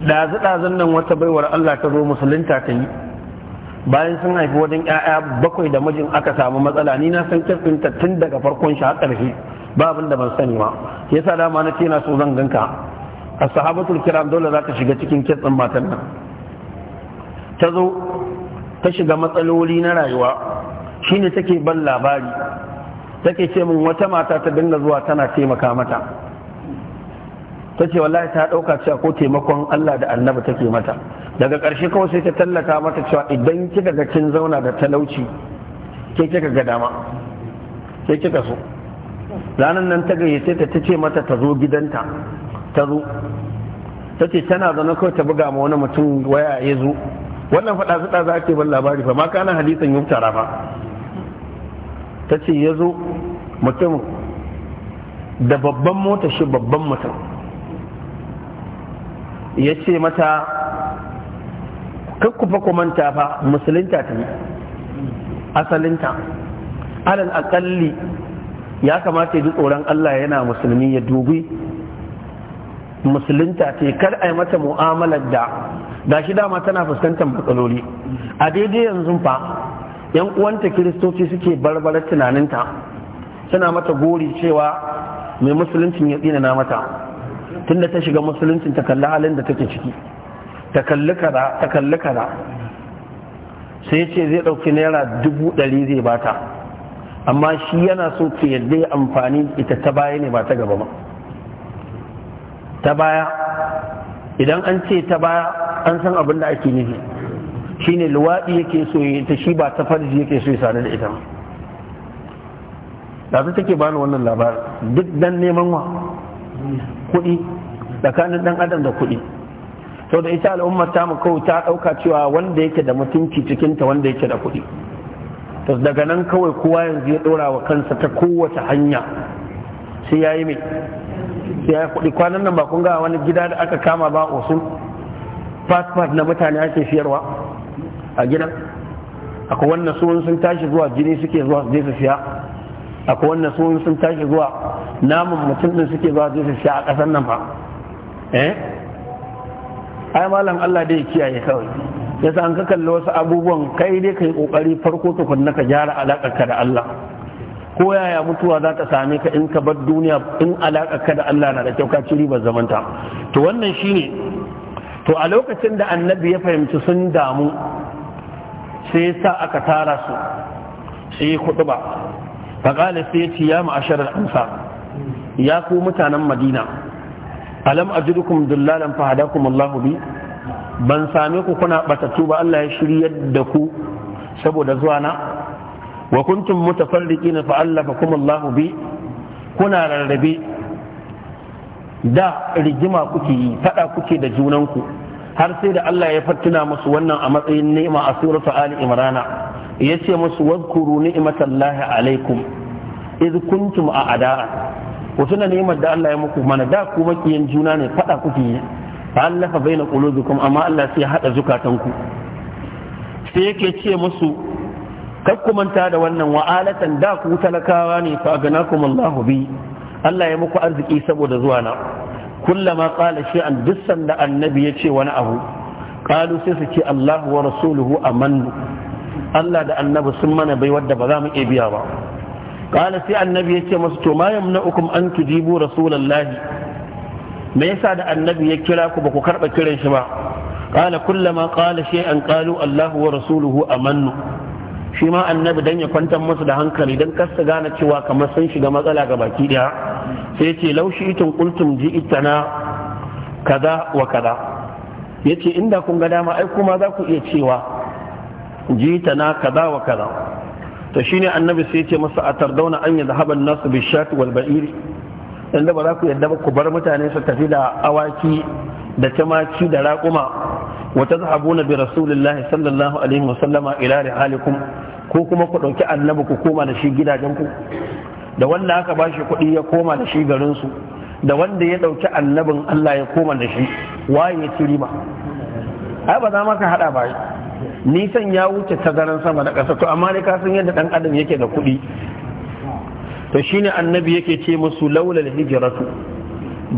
S1: ɗazu-ɗazun nan wata baiwar Allah ta zo musulunta ta yi bayan sun haifi wajen 'ya'ya bakwai da mijin aka samu matsala ni na san ta tun daga farkon shi har ƙarshe ba abin da ban sani ba yasa dama na ce na so zan ganka a sahabatul kiram dole za ta shiga cikin kitsin matan nan ta zo ta shiga matsaloli na rayuwa shine take ban labari take ce min wata mata ta dinga zuwa tana taimaka mata ta ce wallahi ta ɗauka cewa ko taimakon Allah da annabi take mata daga ƙarshe kawai sai ta tallaka mata cewa idan kika ga kin zauna da talauci ke kika ga dama Ke kika so ranar nan ta gayyace ta ta ce mata ta zo gidanta ta zo ta ce tana zaune kawai ta buga ma wani mutum waya ya zo wannan faɗa zuɗa za ake ban labari fa ma kana hadisan yuftara fa ta ce ya zo mutum da babban mota shi babban mutum ya ce mata kakkufa kumanta fa musulunta ta yi asalinta alal aƙalli ya kamata ya ji tsoron Allah yana musulmi ya dubi musulunta ce kar a yi mata mu'amalar da da shi dama tana fuskantar matsaloli a daidai yanzu fa yan uwanta kiristoci suke barbarar tunaninta suna mata gori cewa mai musuluncin ya tsina na mata tunda ta shiga musuluncin ta kalli halin da take ciki ta kalli kaza ta sai ce zai ɗauki naira dubu ɗari zai bata amma shi yana so ta yadda ya amfani ita ta baya ne ba ta gaba ba ta baya idan an ce ta baya an san abin da ake nufi shine luwaɗi yake so ta shi ba ta farji yake so ya sani da ita da su take bani wannan labarin duk dan neman wa kuɗi tsakanin dan adam da kuɗi sau da ita al'ummar ta mu kawai ta ɗauka cewa wanda yake da mutunci cikinta wanda yake da kuɗi to daga nan kawai kowa yanzu ya ɗora wa kansa ta kowace hanya sai ya yi mai sai ya kuɗi kwanan nan ba kun ga wani gida da aka kama ba osun passport na mutane ake siyarwa a gidan akwai wannan sun sun tashi zuwa jini suke zuwa je su siya akwai wannan sun sun tashi zuwa namun mutum din suke zuwa je su siya a ƙasar nan ba eh ai malam Allah dai kiyaye kawai yasa an ka kalli wasu abubuwan kai dai kai kokari farko tukunna ka gyara alaƙarka da Allah ko yaya mutuwa za ta same ka in ka bar duniya in alaƙa ka da Allah na da kyau ka ci ribar zamanta to wannan shine to a lokacin da annabi ya fahimci sun damu sai sa aka tara su sai kuɗi ba faƙali sai ce ya ma'asharar amsa ya ku mutanen madina alam ajidukum dullalan fahadakum Allahu bi ban same ku kuna batatu ba Allah ya shiryar da ku saboda zuwa na wa kuntum mutafarriqina fa allafakum Allahu bi kuna rarrabe da rigima kuke yi fada kuke da junanku har sai da Allah ya fattuna musu wannan a matsayin ni'ima a suratu Ali Imran ya ce musu wadkuru ni'matallahi alaikum idh kuntum a'da'a ku tuna ni'imar da Allah ya muku mana da ku makiyan juna ne fada kuke yi fa allafa baina qulubikum amma Allah sai ya hada zukatanku sai yake ce musu kar ku manta da wannan wa'alatan da ku talakawa ne fa gana kuma Allahu bi Allah ya muku arziki saboda zuwa na kullama qala shay'an duk da annabi ya ce wani abu qalu sai su ce Allahu wa rasuluhu amannu Allah da annabi sun mana bai wadda ba za mu iya biya ba qala sai annabi ya ce masu to ma yamna'ukum an tujibu rasulallahi me yasa da annabi ya kira ku ba ku karba kiran shi ba qala kullama qala shay'an qalu Allahu wa rasuluhu amannu shi ma annabi dan ya kwantar musu da hankali dan kar su gane cewa kamar sun shiga matsala ga baki daya sai ce laushi itin kultum ji itana kaza wa kaza yace inda kun ga dama ai kuma za ku iya cewa ji itana kaza wa kaza to shine annabi sai ce masa a tardauna an ya zahaban nasu bishat wal ba'iri dan da ba za ku yadda ba ku bar mutane su tafi da awaki da tumaki da raƙuma wa tazhabuna bi rasulillahi sallallahu alaihi wa sallama ila rihalikum ko kuma ku ɗauki annabi ku koma da shi gidajen ku da wanda aka ba shi kuɗi ya koma da shi garinsu. da wanda ya ɗauki annabin Allah ya koma da shi waye ya ci riba ai ba za ma ka haɗa ba nisan ya wuce tazaran sama da ƙasa to amma ne ka san yadda ɗan adam yake da kuɗi to shine annabi yake ce musu laulal hijiratu.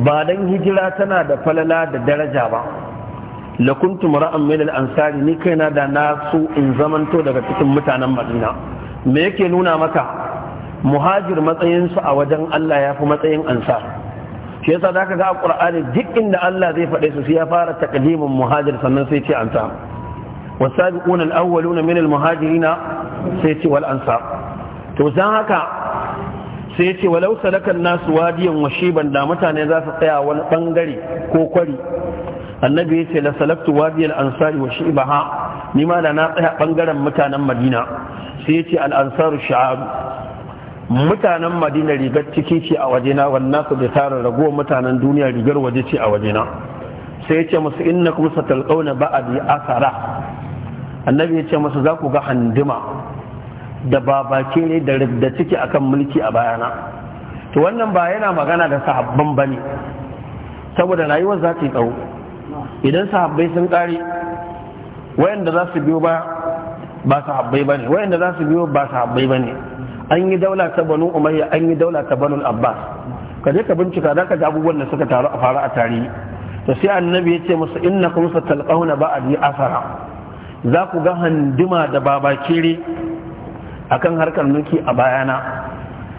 S1: ba dan hijira tana da falala da daraja ba lakuntum ra'an min al-ansari ni kaina da na in zamanto daga cikin mutanen Madina me yake nuna maka muhajir matsayin su a wajen Allah ya fi matsayin ansar shi yasa zaka ga a Qur'ani duk inda Allah zai faɗe su ya fara taqdimin muhajir sannan sai ce ansar والسابقون الأولون من المهاجرين سيتي والأنصار توزان هكا سيتي ولو سلك الناس واديا وشيبا دا متى نزاف قيا ونقنقري كوكري annabi ya ce la salaktu wadiyal ansari wa shi'baha ni ma da na tsaya bangaren mutanen madina sai ya ce al ansaru sha'ab mutanen madina rigar ciki ce a wajena wannan su da tara ragowa mutanen duniya rigar waje ce a wajena sai ya ce musu inna kuma satalqauna ba'adi asara annabi ya ce musu za ku ga handima da babake ne da ciki akan mulki a bayana to wannan ba yana magana da sahabban bane saboda rayuwar za ta yi tsawo idan sahabbai sun kare wayanda za su biyo ba ba ne. wayanda za su biyo ba habbai ba ne an yi daula ta banu umayya an yi daula ta banu abbas ka je ka bincika za ka ji abubuwan da suka taru a fara a tarihi to sai annabi ya ce musu innakum satalqawna ba'di asara za ku ga handima da babakire akan harkar mulki a bayana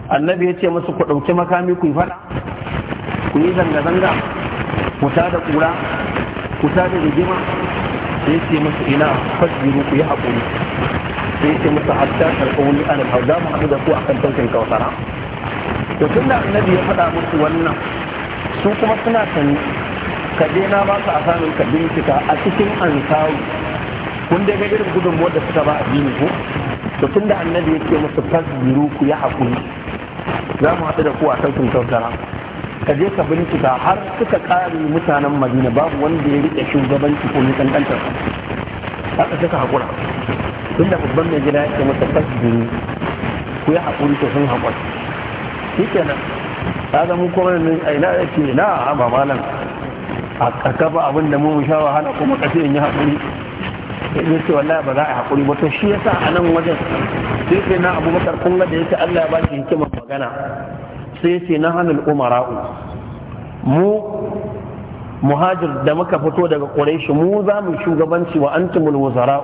S1: annabi ya ce musu ku ɗauki makami ku yi fada ku yi zanga-zanga ku ta da ƙura ku ta da rigima sai ce musu ina fasiru ku yi haƙuri sai ce musu hatta karɓar wani alhau za mu haɗu da ku a kan tausayin kawasara to tun da annabi ya faɗa musu wannan su kuma suna sani ka na ba su a samun ka bincika a cikin ansaru kun dai ga irin gudunmuwar da suka ba addini ko to tun da annabi ya ce musu fasiru ku yi haƙuri za mu haɗu da ku a tausayin kawasara ka je ka bincika har suka kare mutanen madina babu wanda ya rike shugabanci ko nisan kantar haka suka haƙura tun da babban mai gida yake masa tasbiru ku yi haƙuri to sun hakura shi kenan ta zama kuma ne a ina ya ce na ba malam a ƙarƙafa abin da mu sha wahala kuma ƙashe in yi haƙuri ya ce wallahi ba za a yi haƙuri ba to shi yasa a nan wajen sai sai na abubakar kun ga da yake Allah ya ba shi hikimar magana sai ce na hannun umara'u mu muhajir da muka fito daga ƙuraishi mu za mu shugabanci wa antumul wuzara'u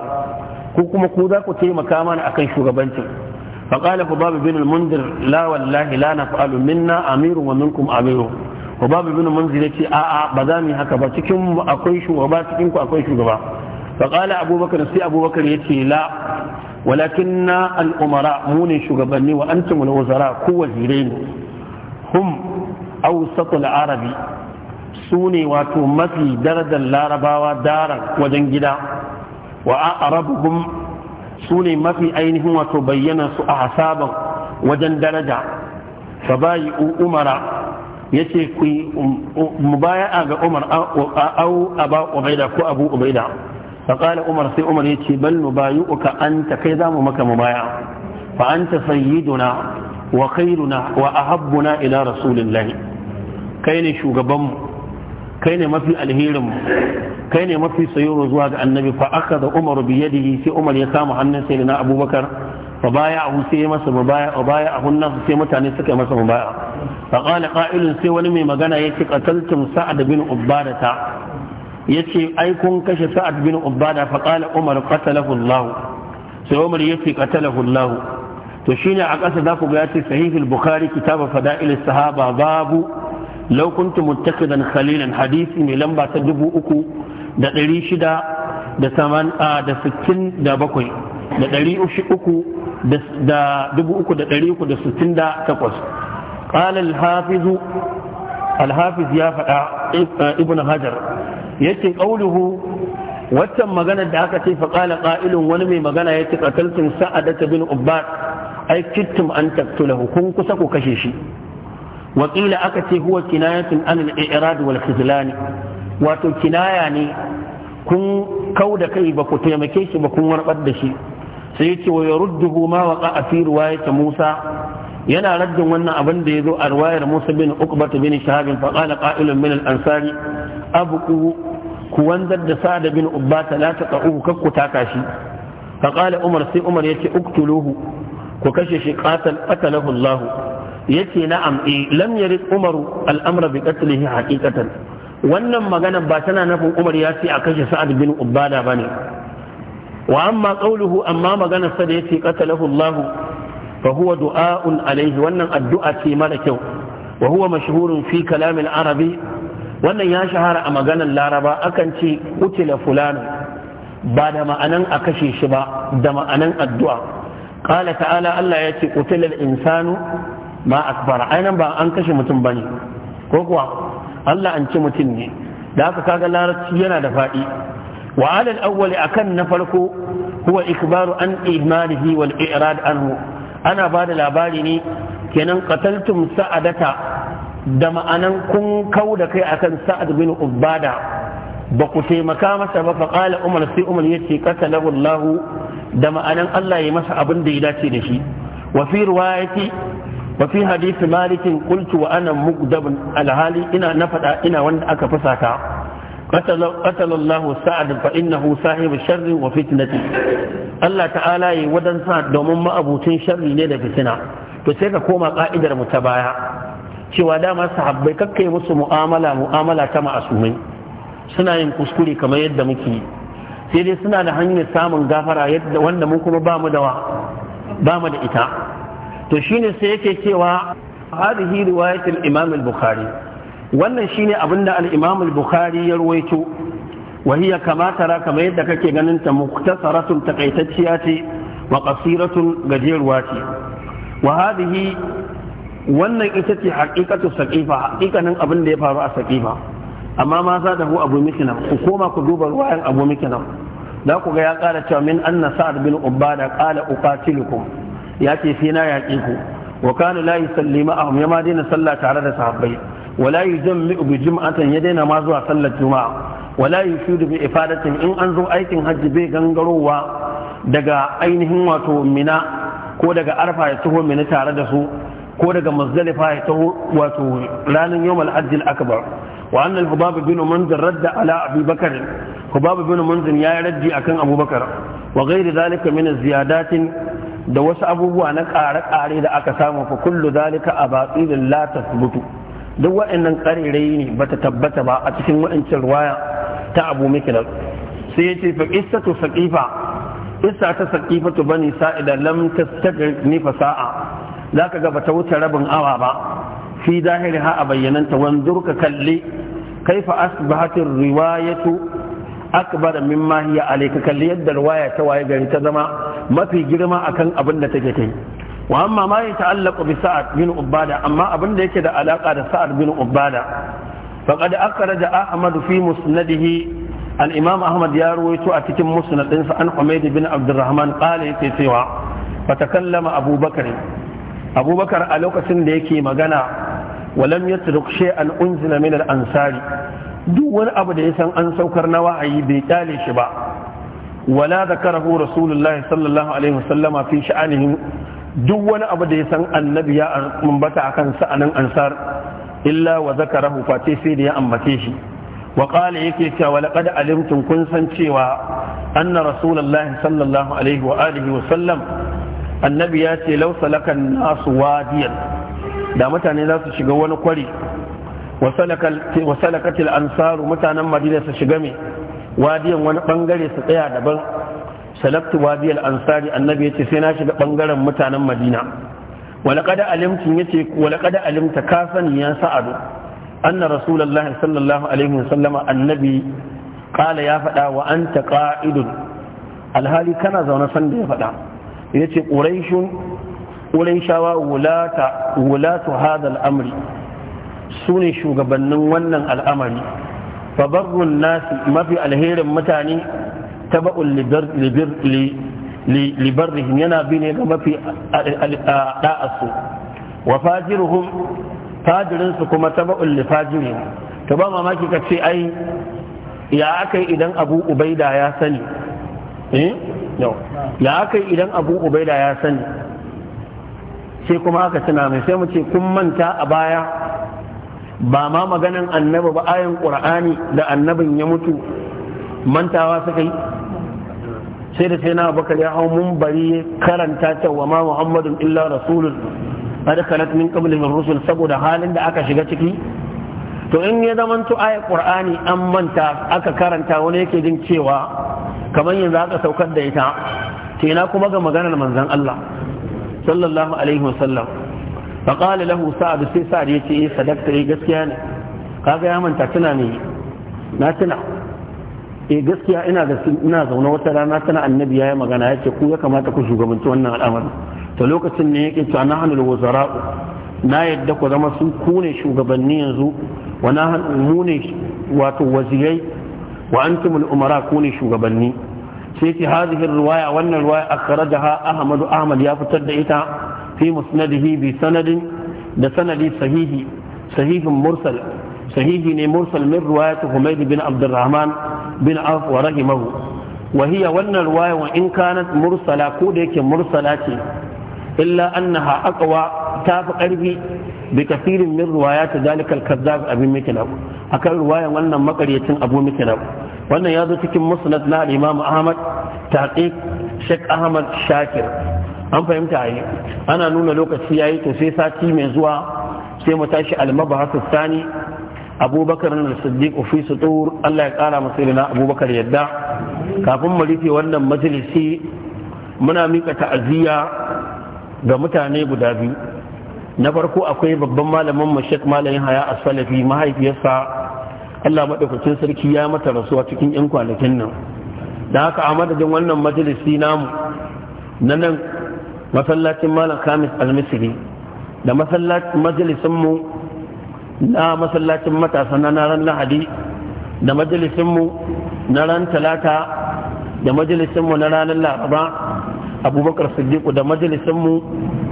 S1: ko kuma ku za ku taimaka mana akan shugabancin فقال خباب بن المنذر لا والله لا نفعل منا امير ومنكم امير خباب بن المنذر يقول a'a ba za mu yi haka ba cikin mu akwai shugaba cikin ku akwai shugaba فقال أبو بكر سي أبو بكر يتي لا ولكن الأمراء موني شغبني وأنتم الوزراء كو وزيرين hum awsatul arabi su ne wato mafi darajar larabawa dara wajen gida wa arabuhum su ne mafi ainihin wato bayyana su a hasaban wajen daraja fa bayi umara ya ce ku um, um, mubaya'a ga umar au aba ubaida ko abu ubaida fa qala umar sai umar ya ce bal nubayu'uka anta kai zamu maka mubaya fa anta sayyiduna wa khairuna wa ahabbuna ila rasulillah. kai ne shugabanmu kai ne mafi alherinmu kai ne mafi sayoro zuwa ga annabi fa aka da umar biyadihi sai umar ya kama hannun sai na abubakar fa baya ahu sai ya masa mubaya wa baya a ahun nasu sai mutane suka yi masa mubaya fa qala qa'ilun sai wani mai magana yace qataltum sa'ad bin ta. yace ai kun kashe sa'ad bin ubada fa qala umar qatalahu allah sai umar yace qatalahu allah to shine a ƙasa za ku ga ya ce sahihul bukhari kitabu fada'il sahaba babu law kuntum muttakidan khalilan hadisi mai lamba ta dubu uku da ɗari shida da saman da sittin da bakwai da ɗari uku da dubu uku da ɗari uku da sittin da takwas قال الحافظ الحافظ يا فدا ابن حجر yace qauluhu waccan maganar da aka ce fa qala wani mai magana yace qataltum sa'adata bin ubbad ai kittum an taktulahu kun kusa ku kashe shi wakila aka ce huwa kinayatun an al-i'rad wal khizlan wato kinaya ne kun kauda da kai ba ku taimake shi ba kun warbar da shi sai yace wa yarudduhu ma waqa fi riwayat Musa yana raddin wannan abin da yazo a riwayar Musa bin Uqbah bin Shahab fa qala qa'ilun min al-ansari abqu ku wanzar da sada bin Ubbata la taqahu kakku taka shi fa qala Umar sai Umar yace uktuluhu ku kashe shi qatal qatalahu Allah yace na'am eh lam yarid Umar al-amra bi qatlihi haqiqatan wannan magana ba tana nufin Umar ya ce a kashe Sa'ad bin Ubada bane wa amma qawluhu amma magana sa da yace qatalahu Allah fa huwa du'a'un alayhi wannan addu'a ce mara kyau wa huwa mashhurun fi kalam al-arabi wannan ya shahara a maganar Laraba akan ce kutila fulana ba da ma'anan a kashe shi ba da ma'anan addu'a qala ta'ala Allah ya ce qutilal insanu ma akbara ainihin ba an kashe mutum bane ko kuwa Allah an ci mutum ne da aka kaga larabci yana da faɗi wa alal awwali akan na farko huwa ikbaru an imanihi wal i'rad anhu ana ba da labari ne kenan qataltum sa'adata da ma'anan kun kau da kai akan sa'ad bin ubada ba ku taimaka masa ba fa qala umar sai umar yace qatalahu Allah da ma'anan Allah ya masa abin da ya dace da shi wa fi riwayati wa fi hadisi malikin qultu wa ana mugdabun alhali ina na faɗa ina wanda aka fasa qatala Allah sa'ad fa innahu sahibu sharri wa fitnati Allah ta'ala ya wadansa domin ma'abucin sharri ne da fitina to sai ka koma ka'idar mu ta baya cewa dama sahabbai kakkai musu mu'amala mu'amala ta ma'asumai suna yin kuskure kamar yadda muke yi sai dai suna da hanyar samun gafara yadda wanda mu kuma ba mu da ba mu da ita to shine sai yake cewa hadhihi riwayat al-imam al-bukhari wannan shine abinda al-imam al-bukhari ya ruwaito wa hiya kama tara kamar yadda kake ganin ta muktasaratun takaitacciya ce wa qasiratun gajeruwa ce wa hadhihi wannan ita ce haqiqatu saqifa haqiqanin abin da ya faru a saqifa amma ma za da hu abu mikina ku koma ku duba ruwayan abu mikina za ku ga ya kara cewa min anna sa'ad bin ubada qala uqatilukum ya ce sai na yaƙe ku wa kana la yusalli ya ma daina sallah tare da sahabbai wa la yujammi'u bi jum'atan ya daina ma zuwa sallar juma'a wa la yushidu bi ifadatin in an zo aikin hajji bai gangarowa daga ainihin wato mina ko daga arfa ya taho mina tare da su ko daga muzdalifa ya taho wato ranar yawmal hajjil akbar wa annal hubab bin manzar radda ala abi bakr babu bin munzin ya yi raddi akan abubakar wa gairi zalika min ziyadatin da wasu abubuwa na ƙare-ƙare da aka samu fa kullu zalika a batsilin la tasbutu duk waɗannan ƙarerai ne bata tabbata ba a cikin waɗancan ruwaya ta abu mikilar sai ya ce fa qissatu saqifa ta saqifatu bani sa'ida lam tastaqir ni fasa'a zaka ga bata wuce rabin awa ba fi zahiri ha a bayyananta wanzur ka kalli kaifa asbahatir riwayatu akbar min ma hiya alayka kalli yadda riwaya ta waye gari ta zama mafi girma akan abin da take ta yi. amma ma yata'allaqu bi sa'ad bin ubada amma abin da yake da alaka da sa'ad bin ubada faqad da ahmad fi musnadihi al imam ahmad ya rawaito a cikin musnad din sa an umayd bin abdurrahman qala yake cewa fa kallama abubakar abubakar a lokacin da yake magana ولم يترك شيئا أنزل من الأنصار duk wani abu da ya san an saukar na wa'ayi bai kyale shi ba wala zakarahu rasulullahi sallallahu alaihi wasallama fi sha'anihim duk wani abu da ya san annabi ya ambata akan sa'anin ansar illa wa zakarahu face sai da ya ambace shi wa qala yake cewa wa laqad alimtum kun san cewa anna rasulullahi sallallahu alaihi wa alihi wa sallam annabi ya ce law salakan nasu wadiyan da mutane za su shiga wani kwari wasalakatil ansaru mutanen madina su shiga mai wadiyan wani bangare su tsaya daban salaktu wadiyal ansari annabi yace sai na shiga bangaren mutanen madina walaqad alimtu yace walaqad alimta ka sani ya sa'adu anna rasulullahi sallallahu alaihi wasallama annabi qala ya fada wa anta qa'idun alhali kana zaune san da ya fada yace quraishun quraishawa wulata wulatu hadha al-amri su ne shugabannin wannan al'amari fabarrun nasi mafi alherin mutane taba'un libarrihim yana bi ne ga mafi da'asu wa fajiruhum fajirinsu kuma taba'un lifajirihim to ba mamaki ka ce ai ya aka yi idan abu ubaida ya sani eh? ya aka yi idan abu ubaida ya sani sai kuma aka tuna mai sai mu ce kun manta a baya ba ma maganan annabi ba ayan qur'ani da annabin ya mutu mantawa suka yi sai da sai na bakar ya hau mun bari karanta ta wa ma muhammadun illa rasulun adkhalat min qablihi rusul saboda halin da aka shiga ciki to in ya zamanto aya qur'ani an manta aka karanta wani yake jin cewa kamar yanzu aka saukar da ita to kuma ga maganar manzon Allah sallallahu alaihi wasallam fa qala sai sa'd yace eh sadaqta eh gaskiya ne kaga ya manta tuna ne na tuna eh gaskiya ina da ina zaune wata rana tana annabi ya yi magana yace ku ya kamata ku shugabanci wannan al'amari ta lokacin ne yake cewa nahnu na yadda ku zama sun kune shugabanni yanzu wa nahnu mu ne wato wazirai wa an al-umara ku ne shugabanni sai ce hadhihi riwaya wannan da ha Ahmadu ahmad ya fitar da ita fi musnadihi bi sanadin da sanadi sahihi mursal sahihi ne mursal min riwayat Humayd bin Abdurrahman bin Auf wa rahimahu wa hiya wannan riwaya wa in kanat mursala ko da yake mursala ce illa annaha aqwa ta tafi karfi bi kafirin min riwayat dalika al-kazzab abi miknab akan riwayan wannan makaryacin abu miknab wannan ya zo cikin musnad na al-imam Ahmad taqiq Sheikh Ahmad Shakir an fahimta yi ana nuna lokaci yayi to sai sati mai zuwa sai mu tashi haka sani abubakar na siddiq fi Allah ya kara masa abubakar yadda kafin mu rufe wannan majalisi muna mika ta'aziyya ga mutane guda biyu na farko akwai babban malamin mu Sheikh Malamin Haya Asfalafi mahaifiyarsa Allah maɗaukacin sarki ya mata rasuwa cikin yan kwanakin nan da haka a madadin wannan majalisi namu na nan masallacin malam kamis almisiri da majalisinmu na masallacin matasa na ranar lahadi da majalisinmu na ran talata da majalisinmu na ranar laraba abubakar siddiqu da majalisinmu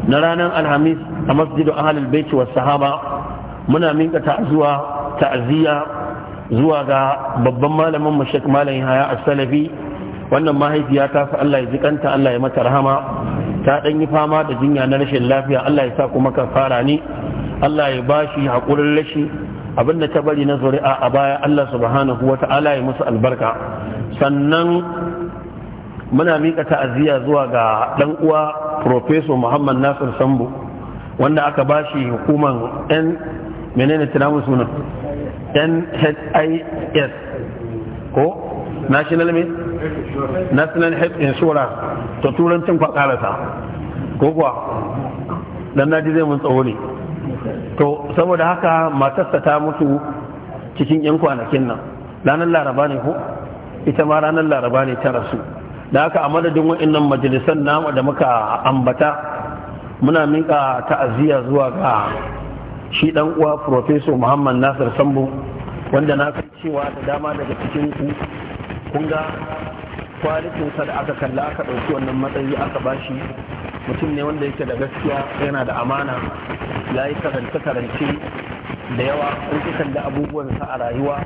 S1: na ranar alhamis a masjidu ahalul baiti wa sahaba muna minka ta'aziyya zuwa ga babban malamin mu Malam Yahaya As-Salafi wannan mahaifiya ta fi Allah ya ji kanta Allah ya mata rahama ta dan yi fama da jinya na rashin lafiya Allah ya sa kuma kafara ni Allah ya bashi hakurin rashi abinda ta bari na zuri'a a baya Allah subhanahu wa ta'ala ya musu albarka sannan muna mika ta'aziyya zuwa ga dan uwa professor Muhammad Nasir Sambo wanda aka bashi hukumar N menene tunamu sunan NHIS ko national national health insurance ta turancin kwa karasa ko kuwa dan naji zai mun tsawo ne to saboda haka matarsa ta mutu cikin yan kwanakin nan ranar laraba ne ko ita ma ranar laraba ne ta rasu da haka a madadin wa'annan majalisan namu da muka ambata muna minka ta'aziyya zuwa ga shi dan uwa professor muhammad nasir Sambu, wanda na kai cewa da dama daga cikin ku kun ga kwalitinsa da aka kalla aka ɗauki wannan matsayi aka bashi mutum ne wanda yake da gaskiya yana da amana ya yi karance-karance da yawa in ka kalli abubuwansa a rayuwa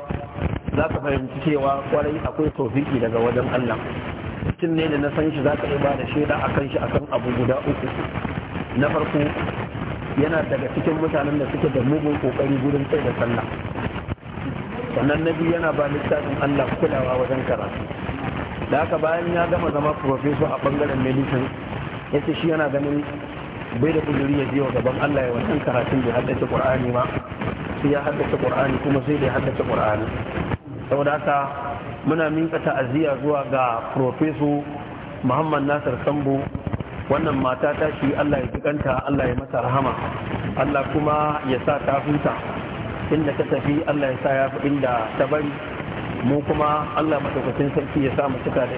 S1: za ka fahimci cewa kwarai akwai tofiki daga wajen Allah mutum ne da na san shi za ka ba da shaida a kan shi a kan abu guda uku na farko yana daga cikin mutanen da suke da mugun kokari gudun tsaye da sallah sannan na biyu yana ba littafin Allah kulawa wajen karatu da haka bayan ya gama zama profesor a bangaren medicine ya ce shi yana ganin bai da kuduri ya je wa gaban Allah ya wannan karatun da haddace Qur'ani ma sai ya haddace Qur'ani kuma sai da ya haddace Qur'ani saboda haka muna minka ta'aziyya zuwa ga profesor Muhammad Nasir Sambo wannan mata ta shi Allah ya jikanta Allah ya mata rahama Allah kuma ya sa ta huta inda ta tafi Allah ya sa ya fi inda ta bari mu kuma Allah matakacin sarki ya sa mu cika da